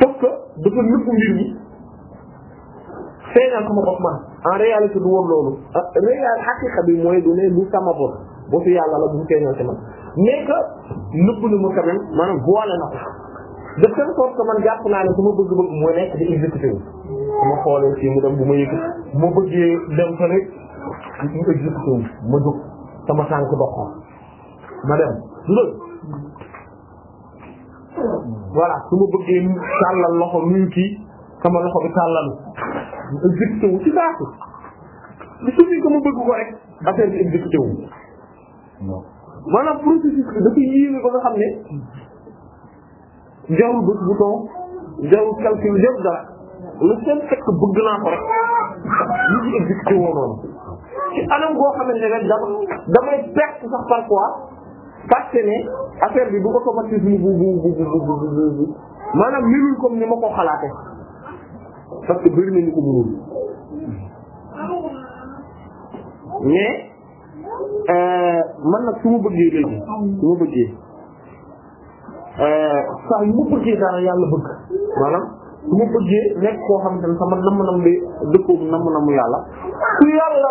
parce que sama bopp man maanaam voilé na ko de telle sorte que man jàpp naa ne su ma bëgg-bëgg mooy nekk di exécuté dem bu ma mo bu ma bëggee dem fa rek mu exécuté wu ma jóg sama tànk loxo nuyu kii loxo bi tàllalu mu exécuté wu ci saako il suffit que ma bëgg ko jarul bës bouton jarul calcul jarul dara lu seen fekk bëgg naa ko rek ñu ngi exécuté woo noonu ci anam goo xamante ne dama damay perte sax parfois parce ne affaire bi du automatisme bu bu bu bu maanaam mirul comme ni ma ko xalaate parce bëri nañu ko mënul mais euh, man nag su ma bëggee léegi su ma bëggee saa yu ma bëggee dara yàlla bëgg maanaam su ma bëggee nekk koo xam ne sama namm-nam bi dëppoo namm-namu yàlla su yàlla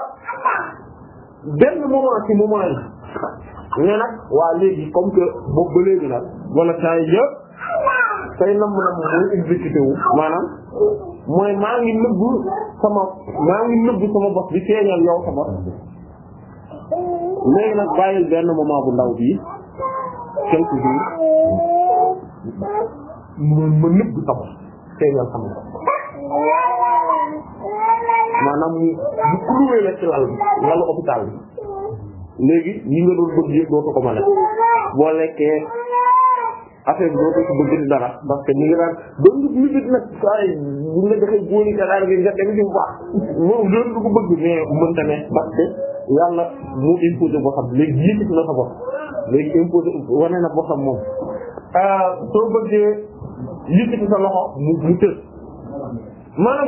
benn moment ci moment yi ne nag waa léegi comme que boobu ba léegi nag wala saa yëpp say namm-nam mooy exécuté wu maanaam mooy maa ngi nëbb sama maa ngi nëbb sama bopp bi feeñal yow sama léegi nag bàyyil benn moment bu ndaw bii quelques jours moom ma nëbb sama feeñal sama bopp maanaam bu cloué la ci lal bi lalu hôpital bi léegi ñi nga doon bëgg yëpp dootu ko mën a boo lekkee affaire bi dootu ko bëgg dara parce que ñi nga daan doon nga ligit nag saa yi bu nga joxee góoni ka daal nga dem di wax moom doon du ko bëgg mais mënta ne parce que yàlla moo imposé boo xam léegi yëkkati na sa bopp léegi imposé wane na boo xam Euh, soo bëggee yëkkati sa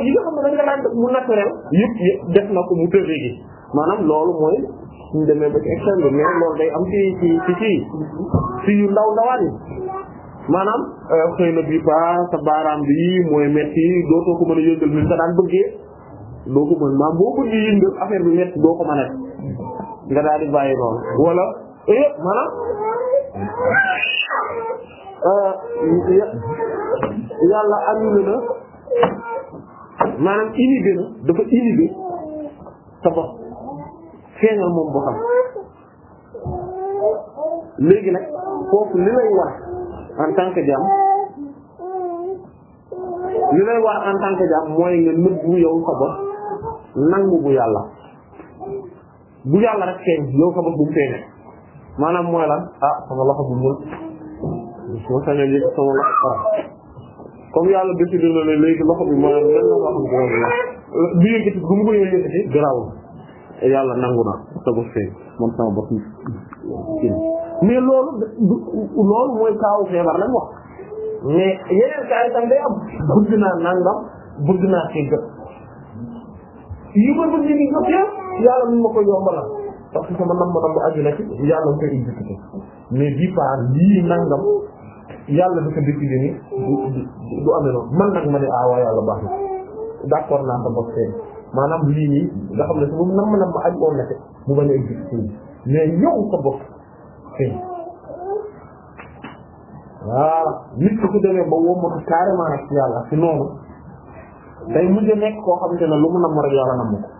yi nga xam ne dañ nga daan def mu naturel yëpp yëpp def na ko mu tëjee gi maanaam mooy suñ demee ba ci externe day am ci ci ci yu ndaw ndawaan yi maanaam euh, xëy na bii baaraam bi mooy metti dootoo ko mën a yëngal ni nga daan bëggee doo ko mën maam boo bëggee yëngal affaire bi metti doo ko mën a nga daal di wala eh maanaam Euh, yàlla annulé na maanaam inhibé na dafa inhibé sa bopp feeñal moom boo xam léegi nag foofu li lay war en li lay war en mooy nga nëbbu yow sa nangu bu yàlla bu yàlla rek feeñ yow sa bu mu maanaam mooy lan ah sama loxo bu ñuul sama sañoon yëg sama loxo xaram comme yàlla décidé na ne léegi loxo bi maanaam benn loxo bi du yëkkati du mu ko yëkkati garaawul yàlla nangu na sa bopp feeñ moom sama bopp mais loolu loolu mooy kaawu feebar lañ wax mais yeneen kaa yi tam day am bëgg naa nangam bëgg naa see gët yi ma bëgg ni jot yàlla mu ma ko yombalal parce que sama nam ma nam bu aju na yàlla nga koy exécuté mais bii par lii nangam yàlla du ko décidé ni du du amee man nag ma ne ah yàlla baax na d'accord naa ko bopp seen maanaam lii nii nga xam ne su ma nam ma nam ma aju woon na mu bañ a exécuté mais yow sa bopp seen voilà nit ku ko demee ba wómmatu carrément ak yàlla si noonu day mujj nekk koo xam te ne lu mu nam rek yàlla nam ko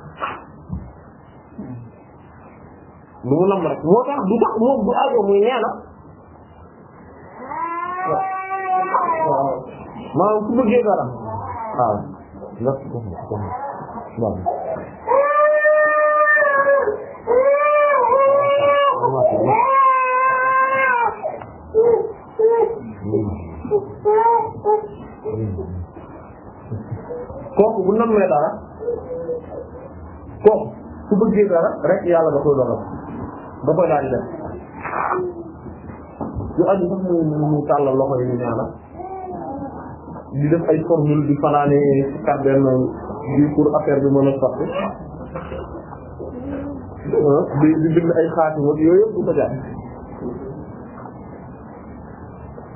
lu mu nam rek moo tax du tax moom du aajo muy nee na waaw maanaam ku bëggee dara waaw nga waaw kooku bu nam dara kooku ku bëggee dara rek yàlla da koy dogal da koy daal di def loxo yi ñu ñaanal di def ay formule di fanaane ci kàddu bi pour affaire bi mën a sotti di di bind ay xaatim ak yooyu yëpp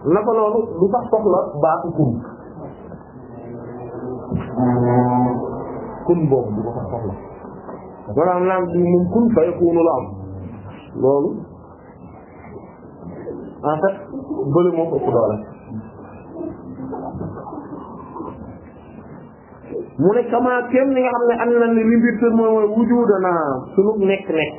du ko noonu du sax soxla baatu kun kun boobu du ko sax soxla maanaam naan moom kun fay kunu la am loolu en fait bële moo ko ëpp mu ne kamaa kenn ni nga xam ne am na ni li mbir te mooy mooy wujuudana sunu nekk-nekk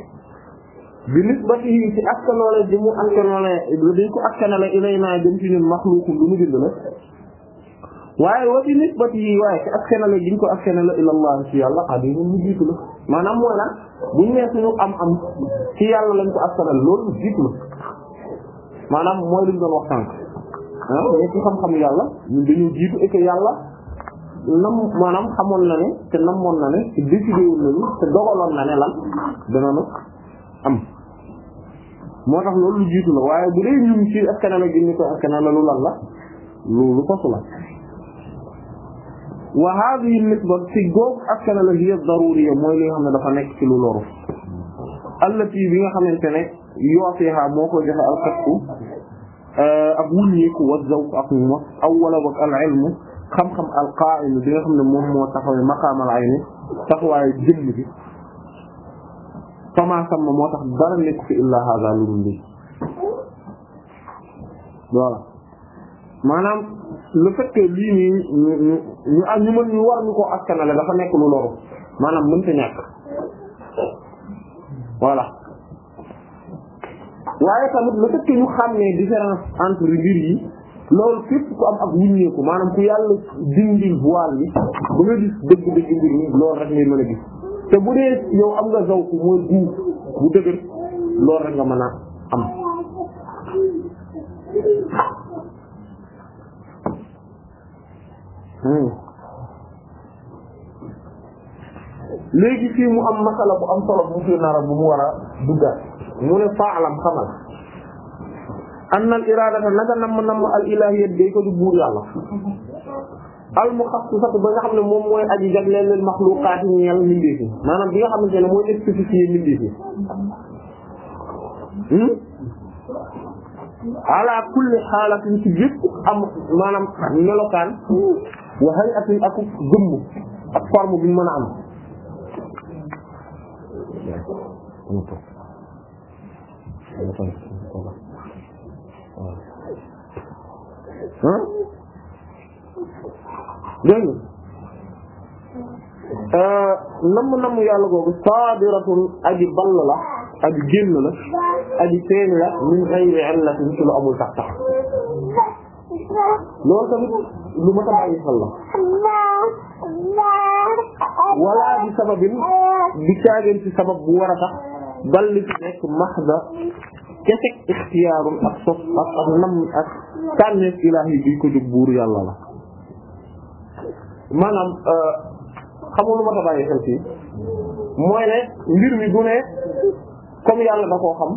bi nit ba ci ci askanole di mu askanole dañ ko askanole ilay naa jëm ci mu bind la waaye wa nit ba ci waaye ci askanole diñ ko askanole ilallah ci yàlla xadimu mu jiitu la maanaam mooy lan bu ñu nee am-am ci yàlla lañ ko askanal loolu jiitu la maanaam mooy li ñu doon wax tànk ah mais ci xam-xamu yàlla ñun dañoo jiitu et yàlla nam maanaam xamoon na ne te namoon na ne te décidé woon nañu te dogaloon na ne lan dana am. moo tax loolu lu jiitu la waaye bu dee ñun ci askanal gi ñu lu lan la loolu fasu la. wa hadhihi nisba ci googu askan la hiya daruriyya mooy li nga xam ne dafa nekk ci lu loru allati bi nga xamante ne yooteexa moo koy joxe alkasku euh, ak wulyeeku wa zawq ak mos awwala wa al ilmu xam-xam al qa'im bi nga xam ne moom moo taxawee maqaamal ayni taxawaayu jëmm bi fama samma moo tax dara nekk fi illa hadha lu dul lii voilà maanaam le fait que lii am ñu mën ñu dafa nekk lu maanaam mënta ñàkk voilà waaye tamit le fait que ñu xàmmee différence entre ku am ak yàlla dindil voile yi yi loolu a gis te bu dee yow am nga zaw ku mooy guub bu dëgër loolu rek nga mën a am Hmm. léegi fii mu am masala bu am solo bu fi nara bu mu war a duggaat mu ne faalam xamal annal iradata naka namm namm al ilahiyat day ko du buur yàlla al muxassasatu ba nga xam ne moom mooy aji jagleel leen maxluqaat yi ñeel mbindeef maanaam bi nga xamante ne mooy spécifié mbindeef yi hmm? ala kulli xaalatin ci yëpp am maanaam melokaan wa hay'atin ak gëmm ak forme bi mën a am dégg euh, namm namm yàlla googu saadiratun aji ball la aji génn la aji feeñ la min ghayri illatin ci lu amul tax tax loolu tamit lu ma bàyyi xel la wala bi sababin di caageen ci sabab bu war a tax bal li ci nekk mahda kese ixtiyaarul ak sof ak ak nam ak tànneef ilaahi bi ko jóg buur yàlla la maanaam euh, xamul lu ma ta xel fii mooy ne mbir mi bu ne comme yàlla da koo xam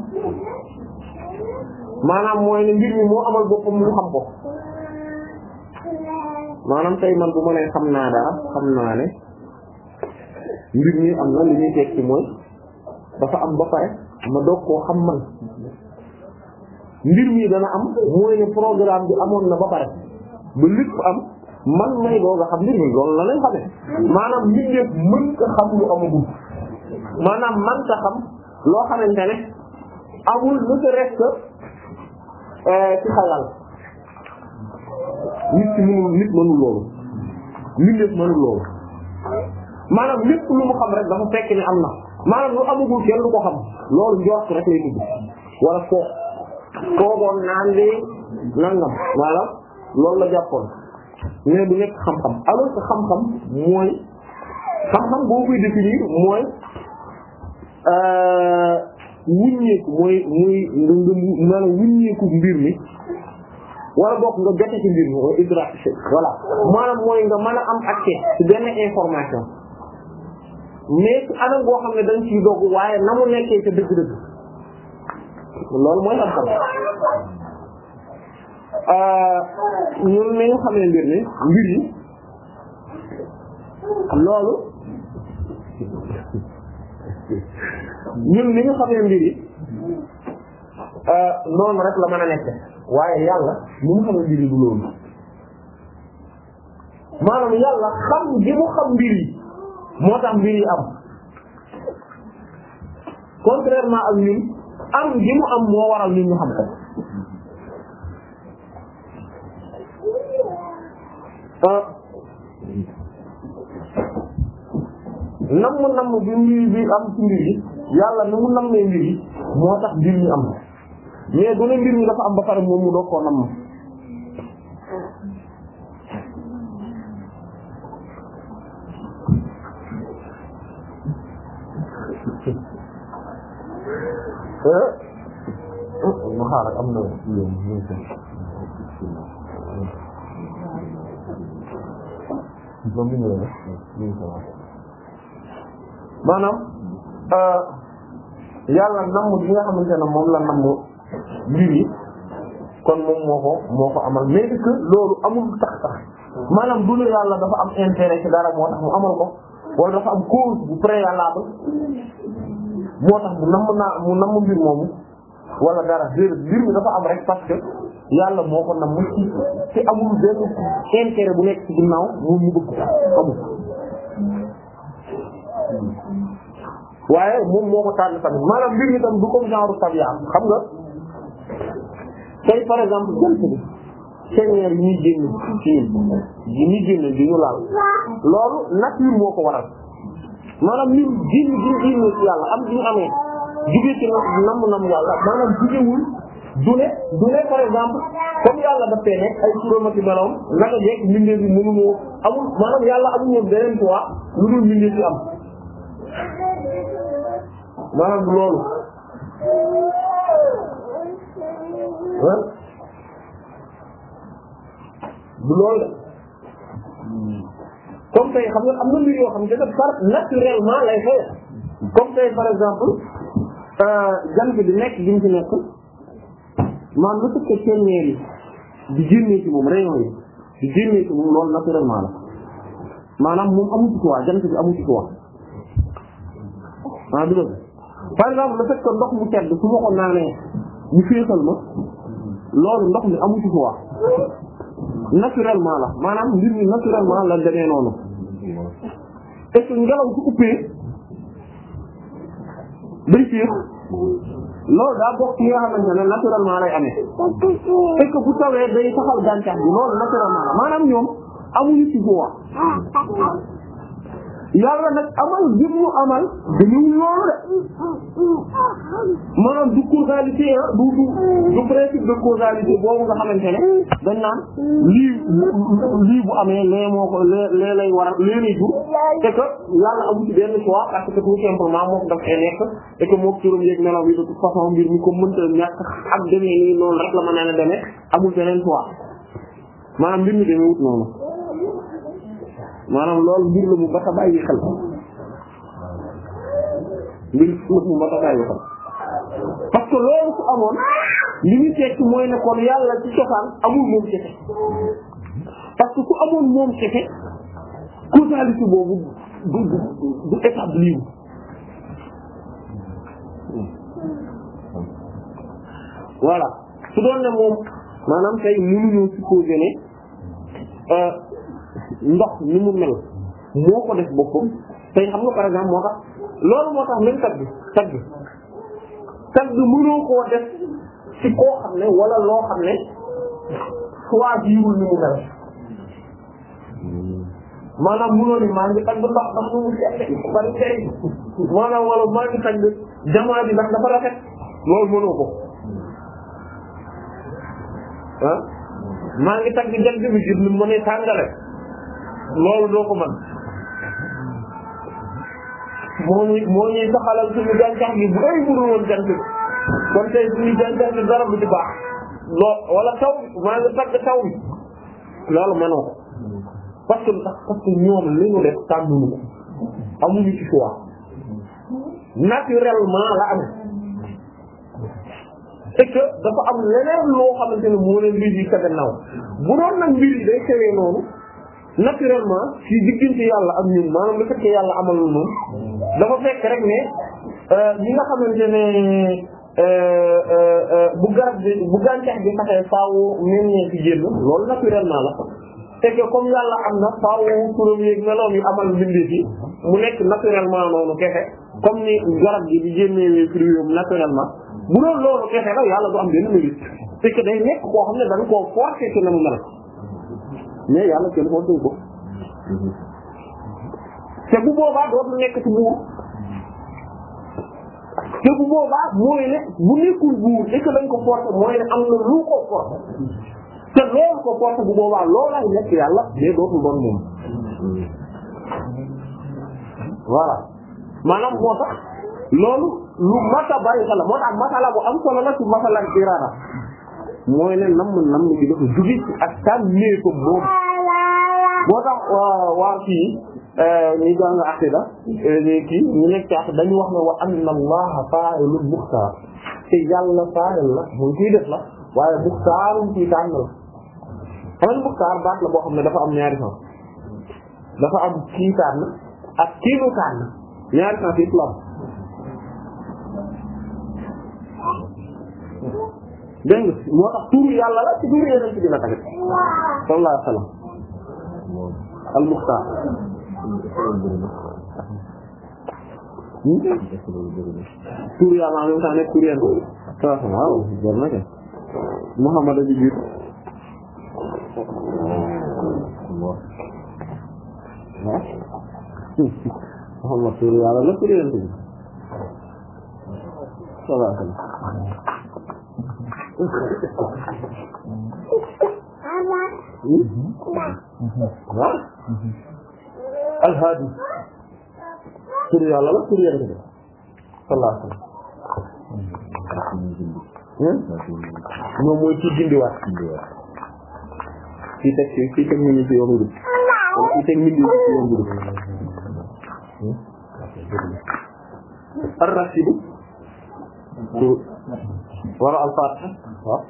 maanaam mooy ne mbir mi moo amal boppam mu xam ko maanaam tey man bu ma nee xam naa dara xam naa ne mbir mi am na li ñuy tekki mooy dafa am ba pare ma doog koo xam man mbir mi dana am mooy ne programme bi amoon na ba pare ba lépp am man may doog a xam mbir mi loolu la lañ xamee maanaam nit def mën ka xam lu amagul maanaam man ka xam loo xamante ne amul lu ci reste euh, ci xalal nit ki mënul nit mënul loolu mbindeef mënul loolu maanaam lépp lu mu xam rek dafa fekk ni am na maanaam lu amagul kenn du ko xam loolu njort rek lay tudd wala foo toogoon naan de nangam maanaam loolu la jàppoon mais du nekk xam-xam alors que xam-xam mooy xam-xam boo koy mooy euh, wuññeeku mooy muy nga maanaam wuññeeku mbir mi wala bokk nga jote ci mbir mi idrak voilà maanaam mooy nga mën a am accès ci benn information mais ci anam boo xam ne dañ ciy dogg waaye na mu nekkee ca dëgg-dëgg loolu mooy xam-xam ni euh, ñu xam ne mbir mi mbir yi euh, noonu rek la mën a nekk waaye yàlla li mu xamal mbir yi loolu maanaam yàlla xam gi mu xam mbir moo tax mbir yi am contrairement ak ñun am gi mu am moo waral ñun ñu xam ko ah. namm namm bi mbir bi am ci mbir yàlla ni mu nammee mbir yi moo tax mbir am mais du ne mi dafa am ba pare moom mu doog koo namm que mu xaaral am na maanaam euh, yàlla namm bi nga xamante ne moom la namm mbir yi kon moom moo ko moo ko amal mais que loolu amul tax tax maanaam du ne yàlla dafa am intérêt ci dara moo tax mu amal ko wala dafa am cause bu préalable moo tax mu namm naa mu namm mbir moomu wala dara déedéet mbir mi dafa am rek parce que yàlla moo ko namm ci te amul benn intérêt bu nekk ci ginnaaw moom mu bëgg amul. waaye moom moo ko tànn tamit maanaam mbir mi tam du comme genre tabiya xam nga tey par exemple jant bi séenéer yi ñuy génn ci ñun yi génn di laal loolu nature moo ko waral. maanaam mbir diin bi ñu diinee ci yàlla am bi nam yàlla maanaam jugewul du ne du par exemple comme yàlla daf fee nekk ay turam ak meloom naka jekk mbindeef bi mënuñoo amul maanaam yàlla amul woon beneen poids lu dul mbindeef bi am maanaam loolu ah du loolu de. comme tey xam nga am na mbir yoo xam ne dafa par naturellement lay xew comme tey par exemple jant euh, bi nekk gi mu ci nekk maanaam lu k téeméer yi di génnee ci moom rayon yi di génnee ci moom loolu naturellement la maanaam moom amu ci tuwaay jant bi amu ci tuwaay ah, bi dëgg par exemple le fait que ndox mu tedd su ma ko ne ñu féexal ma loolu ndox mi amu ci tuwaay. naturellement la maanaam mbir mi naturellement la demee noonu est ngelaw su uppee day daa bokk ci nga xamante ne naturellement lay amee est-ce que bu taxal gàncax bi loolu naturellement la maanaam ñoom amuñu ci yàlla nag amal jëm ñu amal dañuy loolu de maanaam du causalité ah du du du principe de causalité boobu nga xamante ne dañ naan lii lii bu amee lee moo ko lee lee lay waral lee lay jur c'est que yàlla amul ci benn choix parce que tout simplement moom daf ay nekk et que moom turam mi ko mënta ñàkk ak demee nii noonu rek la mën a amul beneen choix maanaam mbir mi noonu. maanaam lool mbir la mu bat bàyyi xel mbir la mu bat bàyyi xel parce que loolu su amoon li ñu tekki mooy ne yàlla ci cosaan amul moom kese parce que su amoon moom kese causalité boobu du du du établi voilà su doon ne moom maanaam tey mënuñu supposé ne euh, ndox ni mu mel moo ko def boppam tey xam nga par exemple moo tax loolu moo tax même tagg tagg tagg mënoo koo def ci koo xam ne wala loo xam ne choisirul ni mu mel maanaam mënoo ni maa ngi tagg ndox ndax nu mu seet bari tey maanaam wala maa ngi tagg jamono bi ndax dafa rafet loolu mënoo ko ah maa ngi tagg jant bi jur ni mu ne tàngale loolu doo ko mën moo ñuy moo ñuy saxalal suñu gàncax gi bu doy budul woon gàncax gi kon tey suñu gàncax gi dara du ci baax loo wala taw maa ngi tagg taw bi loolu mënoo ko parce que sax parce que ñoom li ñu def tànnuñu ko amuñu ci choix la am c'est dafa am leneen loo xamante ne moo leen mbir yi sa gannaaw bu doon nag mbir yi day xewee noonu naturellement ci diggante yàlla ak ñun maanaam lu fekk yàlla amal na moom dafa fekk rek ne euh, ñi nga xamante ne euh, euh, bu garab bi bu gàncax bi saxee faaw meññee ci génn loolu naturellement la te que comme yàlla amal mbindeef yi mu nekk naturellement noonu kexe comme ni garab gi di génnewee fruit yom naturellement bu doon loolu kexe la yàlla du am benn mérite te que day nekk koo xam ne dañ koo forcer ci na mu mel mais yàlla kenn xottuñ ko te bu boobaa dootul nekk ci buur te bu boobaa mooy ne bu nekkul buur et que lañ ko forcer mooy ne am na lu ko forcer te loolu ko forcer bu boobaa loolaay nekk yàlla mais dootul doon moom voilà maanaam moo tax loolu lu mata bàyyi xel la moo tax masala bu am solo la ci masala birara mooy ne nam nam gi dafa jugi ci ak tànneefam moom moo tax waa fii euh, ñi jàng aqida euh, kii ñu nekk ci dañu wax ne wa anna allaha fa'ilul muxtaar te yàlla fa'il la mooy kuy def la waaye muxtaarum kuy tànn la xam nga muxtaar baat la boo xam ne dafa am ñaari sens dafa am kii tànn ak kii lu tànn ñaari sens yëpp la am dégg nga moo tax turu yàlla la ci turu yeneen ci dina tamit sallallahu alayhi wa sallam al muxtaar turu yàlla même temps nekk turu yeneen sallallahu alayhi waaw bor na ke Muhammad a ji jiitu Muhammad turu yàlla la turu yeneen sallallahu alayhi wa sallam waaw alhaadi tur yàlla la tur yàlla la salaatu hmm? moom mooy ci dindiwaat ci teg ci ci teg nañu ci yoon bi ci teg nañu ci yoon bi arrasidu wala alfaatiha waaw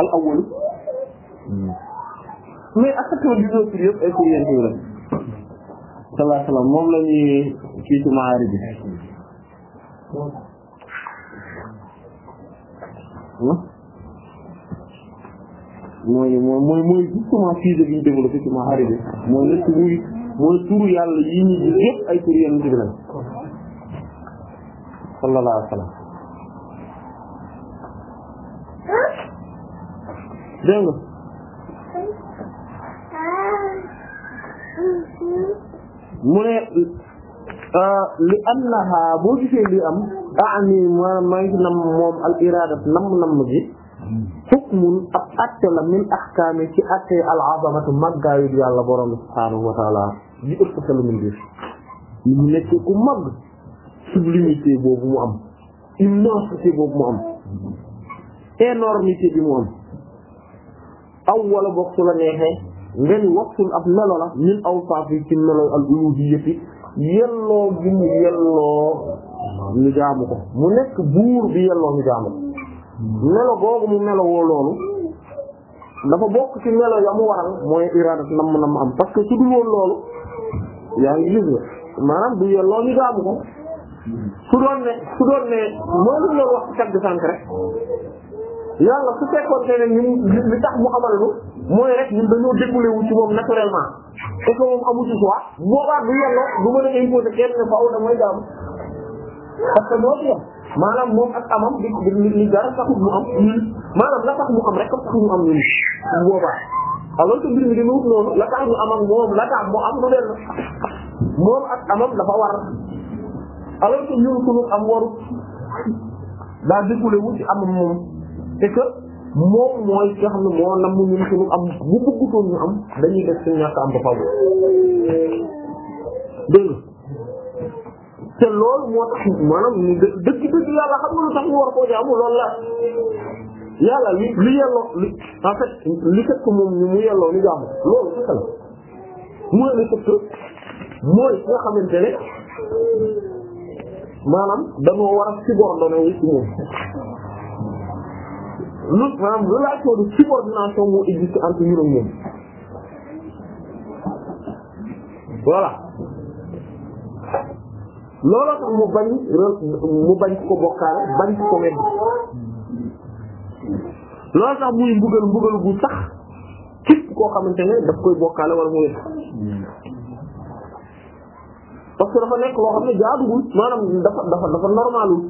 al awwal mais ak xeetu bi ñu doon yëpp ay ko yéen ci la moom la ñuy kii ci maari bi hmm? mooy mooy mooy mooy justement sujet bi ñu développé mooy la turu mooy turu yàlla yi ñu gis ay tur yéen ci la sallallahu alayhi wa dégg mu ne euh, li annaha boo gisee li am ani ma maa ngi nam moom al iraadat nam nam gi hukmun ab atte la min ahkaami ci atte al azamatu màggaayu yàlla borom subhaanahu wa taala di ëpp solo min biir mu nekk mag sublimité boobu mu am immensité bi mu am aw wala boog su la neexee nga ni waqfun ab melo la min awsaaf yi ci melo al uluhiyyati yelloo bi mu yelloo ñu jaamu ko mu nekk buur bi yelloo ñu jaamu ko melo googu mu melo woo loolu dafa bokk ci melo ya waral mooy iraadat nam nam am parce que su dul woon loolu yaa ngi gis nga maanaam du yelloo ñu jaamu su doon su doon ne lu loolu wax ci tagg sànk yàlla su fekkoon te ne ñun li tax mu xamal lu mooy rek ñun dañoo déggule wu ci moom naturellement parce que moom amu ci a imposer kenn ne faaw damay jaam parce que doo ci yem maanaam moom ak amam di li dara taxul mu am maanaam la tax mu ko tax ñu am mi dina wut tax ñu am ak moom la tax mu am lu dellu moom ak amam dafa war ko que ñun suñu am waru daa déggule wu ci amam moom c'est que moom mooy ki nga ne moo nam mu ñun suñu am bu bëggutoon ñu am dañuy def suñu ñàkk am ba faaw dégg te loolu moo tax maanaam ñu dëgg dëgg yàlla xam nga lu tax ñu war koo jaamu loolu la yàlla li li yelloo li en fait li fekk moom ñu mu yelloo ñu jaamu loolu fekk la mooy li fekk mooy ki nga xamante ne maanaam dañoo war a subordonné wu ci moom lu maanaam relation de subordination moo existe entre ñun ak ñoom voilà looloo tax mu bañ mu bañ ko bokkaale bañ ko wedd looloo tax muy mbugal mbugal bu sax képp koo xamante ne daf koy bokkaale wala mu wedd parce que dafa nekk loo xam ne jaaduwul maanaam dafa dafa dafa normalul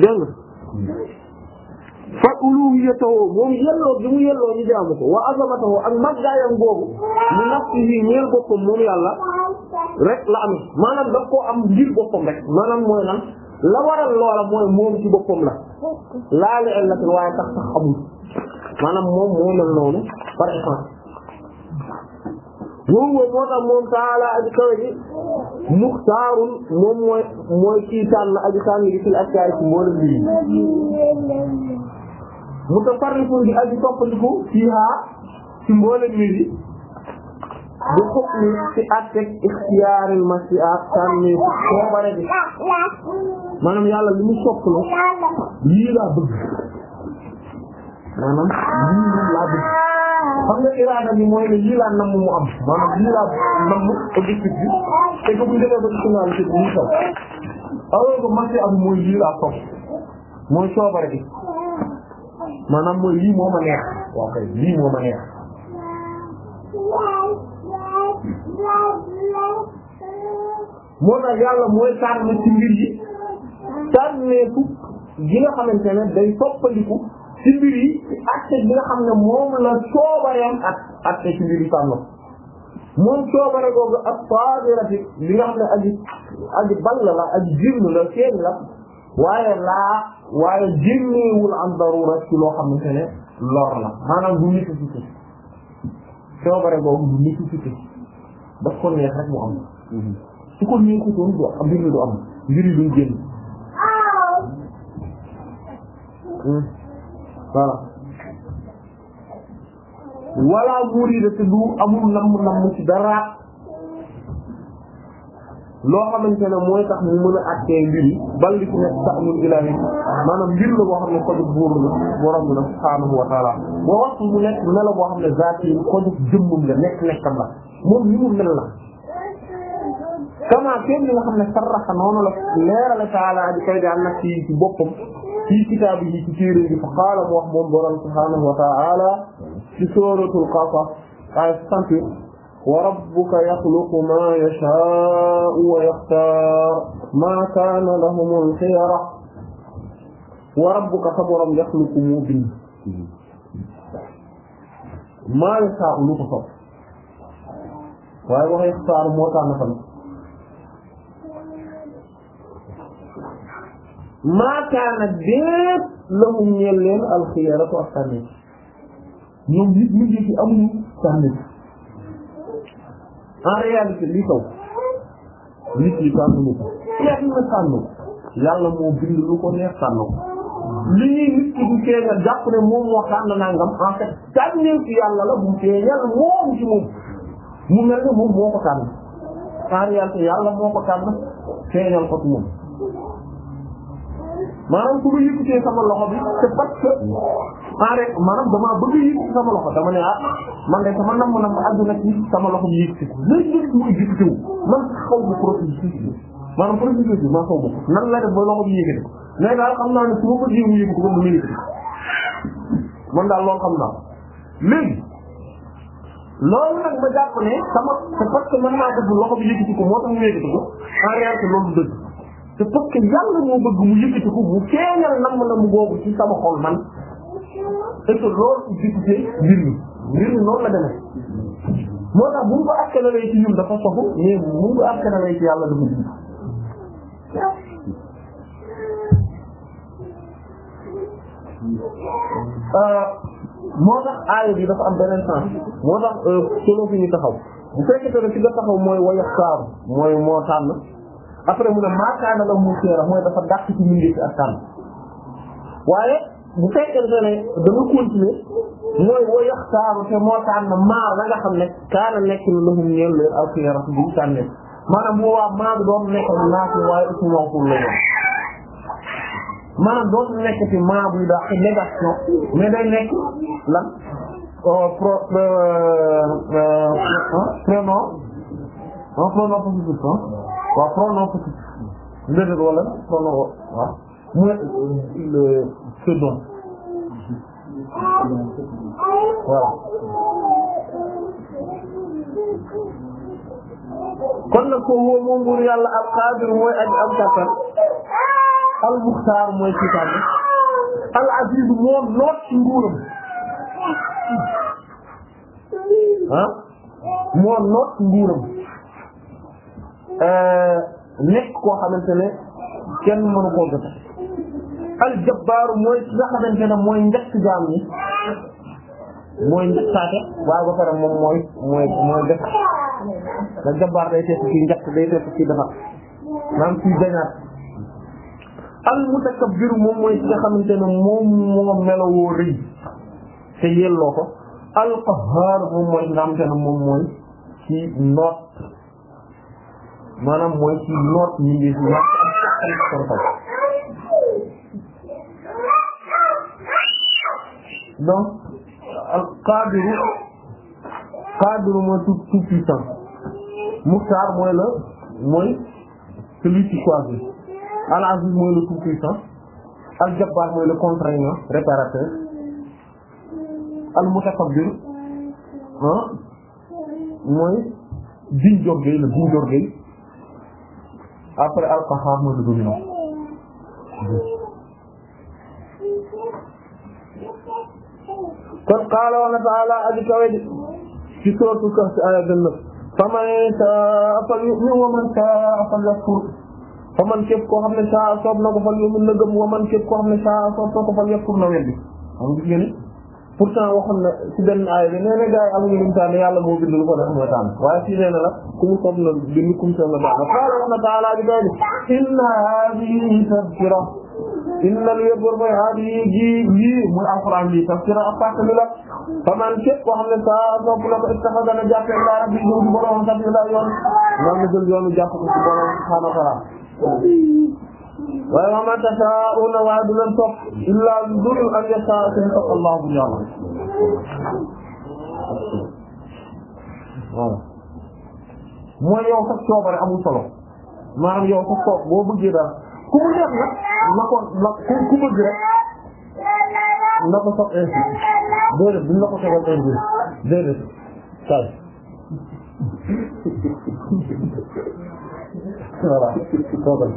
dégg nga fa uluhiyyatahu moom yelloo bi mu yelloo ñu jaamu ko wa azamatahu ak màggaayam boobu mu nafsihi ñeel boppam moom yàlla rek la am maanaam daf koo am ngir boppam rek maanaam moom laa li illatin waaye moo mel noonu par exemple. wóobu moo tax moom taala aji kawe ji muxtaarun moom mooy mooy kii tànn aji tànn yi fil askaari ci mboolem bi mutafarrifun di aji toppatiku fiha ci mboolem bi bi di xëpp ni ci àtteeg ixtiyaaril masiihat tànni soobare bi maanaam yàlla li mu sopp la lii laa bëgg maanaam lii moom laa bëgg xam nga iraada bi mooy ne lii laa namm mu am maanaam lii laa namm objectif bi te ko bu njëlee ba personnalité bi ñu xew alors que marché am mooy lii laa sopp mooy coobare bi maanaam mooy lii moo ma neex waaw kay lii moo ma neex moo tax yàlla mooy sànni ci mbir yi sànneeku gi nga xamante ne day soppaliku ci mbir yi acte xam ne moom la soobareem ak acte ci mbir yi tànn moom soobare googu ak faadirati bi nga xam ne la aji la feeñ la waaye laa waaye jirneewul am darura ci loo ne lor la maanaam du nécessité soobare googu du nécessité daf ko neex rek mu am su ko neexutoon du am mbir yi duñ génn voilà wala murida te du amul namm namm ci dara loo xamante ne mooy tax mu mën a àttee mbiri bal li ci nekk ta'amul ilahi maanaam mbir la boo xam ne kojug buuru la borom bi la subhaanahu wa taala boo waxtu mu nekk melo boo xam ne zaati yi kojug jëmmum la nekk nekkam la moom li mu mel la kama kenn nga xam ne sarraxa noonu la leerale taala di koy boppam fii kitaabu yi ci téere bi fa qaala mu wax moom borom subhaanahu wa ta'ala ci suratul qasas ay 68 wa rabbuka yaxluqu maa yashaa'u wa yaxtaar maa kaana lahumul xiyara wa rabbuka sa borom yaxluqu moo bind maa yashaa'u lu ko sopp waaye wax yaxtaar moo tànn fan maakaana bépp la mu ñeel leen alxiyaratu ak sànni ñoom nit ñi ngi ci amuñu sànni en réalité li taw nit ñi sànnuñu ko kenn sànnu yàlla moo bind lu ko neex sànnu li ñuy nit ki du feeñal jàpp ne moom moo sànn nangam en fait sànniw ci yàlla la bu feeñal moom ci moom mu mel moom moo ko sànn en réalité yàlla moo ko sànn feeñal ko ci moom. maanaam su ma yëkkatee sama loxo bi c'est parce que en ah, rek maanaam damaa bëgg yëkkati sama loxo dama ne ah man de sama namm namm àdduna ci sama loxo bi yëkkati léegi léegi mu yëkkati wu man xaw ma processus bi maanaam processus bi maa xaw ma nan la def ba loxo bi yëkkati ko mais daal xam naa ne su ma ko jéem yëkkati ko mu yëkkati man daal loolu xam naa léegi loolu nag ma jàpp ne sama c'est parce que man naa def loxo bi yëkkati ko moo tax mu yëkkati ko en réalité loolu dëgg te parce que yàlla moo bëgg mu yëkkati ko mu nam na mu googu ci sama xol man te que loolu ubiquité mbir mi mbir mi noonu la demee moo tax bu ñu ko askanalee ci ñun dafa soxu mais bu ñu ko askanalee ci yàlla dafa jiitu euh, moo tax aaya bi dafa am beneen sens moo tax euh, solo fi taxaw bu fekkee ne fi taxaw mooy wayaxaaru mooy moo tànn après mu ne maakaana la mu seera mooy dafa dàq ci mindi ci ak tànn waaye bu fekkente ne dama continuer mooy wa yaxtaaru te moo tànn maa la nga xam ne kaana nekk na lahum ñeel leen al xiyara bu ñu tànnee maanaam bu waa maa bi doon nekk naa fi waaye aussi mawkul la woon maanaam doon nekk ci maa buy dàq négation mais day nekk lan pro prénom prénom positif waaw pronom petit déedéet wala pronom waaw mu le second voilà kon nag ko moom moom buur yàlla al qadir mooy aji am kattan al muxtaar mooy ci tànn al aziz moo noot ci nguuram ah moo noot ci nguuram Euh, nekk koo xamante ne kenn mënu koo jot aljabaaru mooy ki nga xamante ne mooy njëkk jaam ñi mooy njëkk saate waaye ba pare mooy mooy mooy defar da jabbaar day tees al mutakabbir moom mooy ki nga xamante ne moom moo melowoo rëy te al qahhar moom mooy nga xamante moom mooy ci noot maanaam mooy ci noot ñi ngi yàq ak sorfal donc al qadiru mooy tout tout puissant muxtar mooy la mooy celui qui choisit al aziz mooy le tout puissant al jabbar mooy le contraignant réparateur al mutakabbir mooy diñ jorgey la diñ jorgey après alqaxaar mooy lu dul ñoom kon qaala wa ta'ala aji kawe ci sootu Kahf ci aaya dënnëf faman saa fal yu'min wa saa fal yakfur faman képp koo xam ne saa soob na ko fal yu'min na gëm wa man képp koo xam ne saa soob na ko fal yakfur na weddi xam ngeen pourtant waxoon na ci benn aaya bi nee na gars yi amuñu lu mu tànn yàlla moo bind lu ko def mooy tànn waaye fii nee na la ku mu soob na bind ku mu baax na qaala bi doy inna haadihi tadkira inna li mooy haadihi ji lii muy alquran bi tadkira ak fàttali la fa man képp ne saa sopp na ko ittaxada na jàppe laa rabbi jëm ci borom sabila yoon noonu la jël yoonu jàpp ko ci borom subhaanahu wa waaye wa maa tashaauna waaye du leen topp illaa lu dul an yashaa seen Allah bu ñu yàlla yow sax coobare amul solo maanaam yow sax toog mu neex nag na ku bëgg rek na ko soog ainsi déedéet duñ la ko sogal تفضل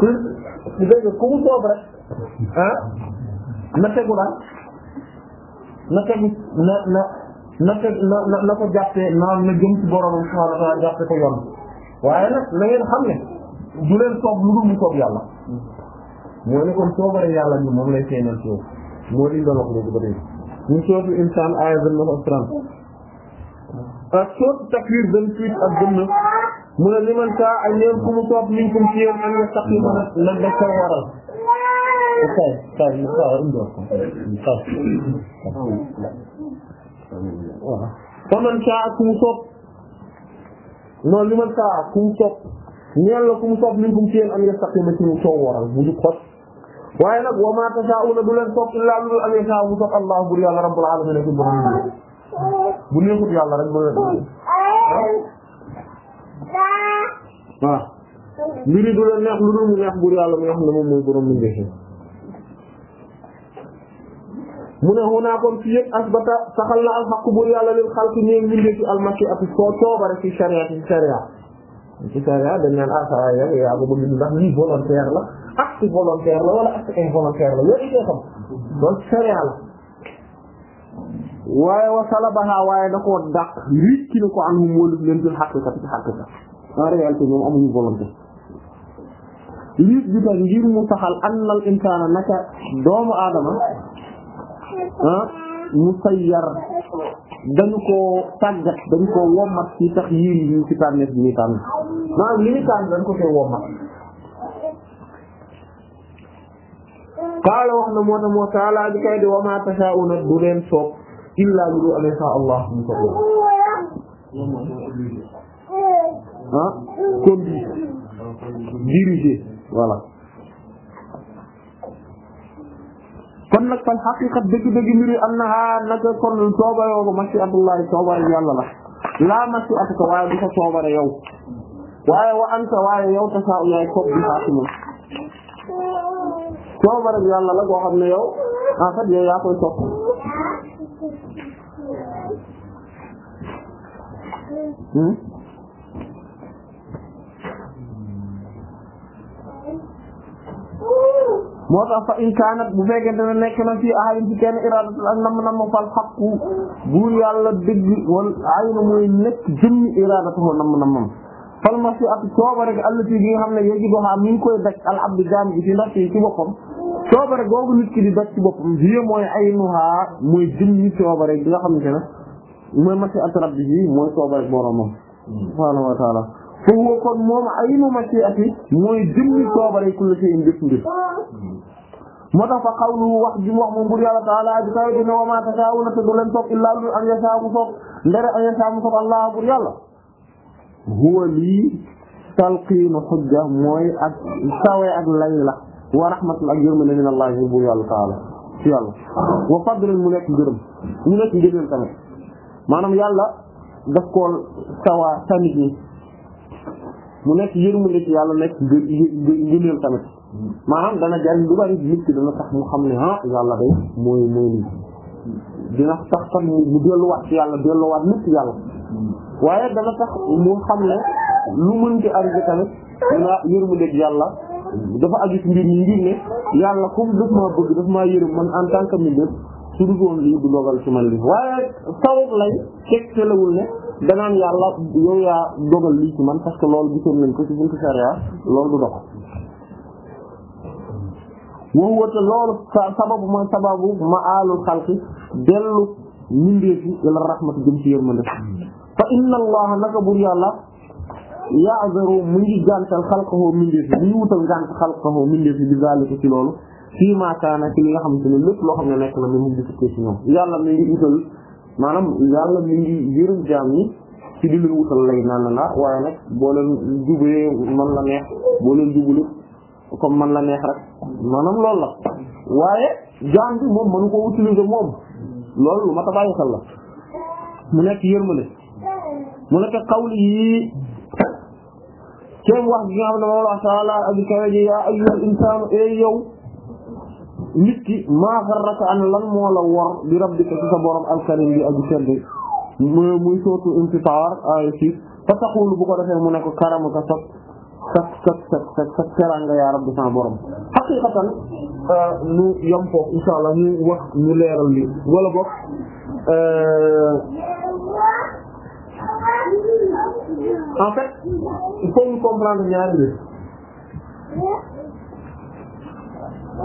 كل بداية كم صبرة ها na tegu daal na tegu na na na teg na na na ko jàppee naan na jëm ci borom subhaanahu wa ta'aala jàppee ko yoon waaye nag na ngeen xam ne du leen soob lu dul mu soob yàlla. mooy ne kon soobare yàlla ñu moom lay seenal ci yow. moo liñ doon wax léegi ba léegi ñu sootu insaan aaya vingt-neuf ak trente ak sootu takwir vingt-huit ak vingt-neuf mu ne liman saa ak ñeen ku mu soob min kum ci yéen an nga sax li a nag daf ko waral kay man saa ku soob noonu liman saa ku mu soob ñeen la ku soob min kum ci yéen an ma ci mu waral bu ñu xot waaye nag wa ma tasaauna du leen sopp illaa lu an yashaa mu sopp Allah bur yàlla rabbul alamin ak borom bu neexut yàlla rek bu leen waaw mbiri du leen neex lu dul mu neex bur yàlla mi nga xam ne moom mooy borom mu ndeex mu ne xunaa kon fi yëpp asbata saxal na alxaq bur yàlla lil xalqi ñeen mbindee ci almasi ak soo coobare ci sharia ci sharia ci sariya ah, dañ naan ah saa yow yaa ndax lii volontaire la acte volontaire la wala acte involontaire la yooyu koy xam donc sariya la waaye wa waaye da koo dàq ric ki na ko amuñu volonté liit bi tax ngir mu saxal annal insaana naka doomu aadama ah dañu ko tàggat dañu ko wommat ci tax yii yi ci tànneef bi ñuy tànn maanaam limitaan dañ ko fee womma qaala wax na moo tax moo taala bi kay di wa ma tashaa'una du leen soob illaa lu allah mu soxla ah conduire kon nag fal xaqiqat dëgg-dëgg mbir yi am na xaar naka kon tooba yow ko mashi'atullahi tooba yàlla la laa mashi'atuka waaye du ko toobare yow waaye wa anta waaye yow tasaa'u yaay koog bi saa si ñun coobare bi yàlla la boo xam ne yow en fait yow yaa koy topp. Hmm? moo tax fa in kaanat bu fekkente ne nekk na fii ahadin ci kenn iradatul ak nam nam fal xaqu bu yàlla dëgg wala ayna mooy nekk jëmmi iradatu nam namam falmasi ak coobare gi allati gi nga xam ne yéegi doxaa mi koy daj al abdu jaam gi ci ndax ci boppam coobare ki di daj ci boppam vie mooy ay nuhaa mooy jëmmi coobare gi nga xamante ne mooy masi at rabbi yi mooy coobare boromam subhaanahu wa taala foofu kon moom aynu masi at yi mooy jëmmi coobare ku la seen def mbir tax fa xawlu wax ji mu wax moom bur yàlla taala ji kawe dina wa ma tasaawu na te du leen sopp illaa lu an yasaa mu sopp an yasaa huwa lii talqiinu xujja mooy ak sawee ak lay la wa rahmatul ak yërmande min Allah bu yàlla taala ci yàlla wa fadlin mu nekk ngërëm mu nekk ngërëm tamit maanaam yàlla daf koo sawaa tamit ñi mu nekk yërmande ci yàlla nekk ngërëm tamit maanaam dana jariñ lu bari nit ki dana tax mu xam ne ah yàlla day mooy mooy lii dina tax tam mu delluwaat ci yàlla delluwaat nit ci yàlla waaye dana tax mu xam ne lu mën ci arrivé tamit dina yërmandeeg yàlla dafa aju ci mbir mi ngir ne yàlla comme daf maa bëgg daf maa yërëm man en tant que milieu su dul lii du dogal ci man lii waaye tawut lay teg telewul ne danaan yàlla yow yaa dogal lii ci man parce loolu gisoon nañ ko ci buntu sariya loolu du dox woowu woote loolu sababu mooy sababu ma aalul xalqi dellu mbindeef yi ila rahmatu jëm ci yërmande fa inna allaha naka bur yàlla ya'zaru mu ngi gàntal xalqahu mindeef yi ñu wutal gànt xalqahu mindeef yi loolu fii ma kaana ci li nga xamante ne lépp loo xam ne nekk na mi ngi disukkee ci ñoom yàlla mi ngi wutal maanaam yàlla mi ngi yërëm jaam ñi ci di leen wutal lay naan la waaye nag boo jubee man la neex boo leen jubalee comme man la neex rek maanaam lool la waaye jaam bi moom mënu ko utiliser moom loolu lu ma ta bàyyi xel la mu nekk yërmande mu nekk xawli yi kéem wax gi nga xam ne moom la taala ak kawe ji yaa ayyuhal insaanu ee eh yow nit ki maa gharraka an lan moo la wor bi rabbika ci sa borom alkarim bi ak sedd muy sootu infitar ay six fa taqulu bu ko defee mu nekk karamuka sa sa sa sa sa sa teranga yaa rabbi sa borom xaqiqatan euh, nu yam foofu insha allah ñu wax ñu leeral li wala boog euh, en fait il faut ñu comprendre ñaari mbir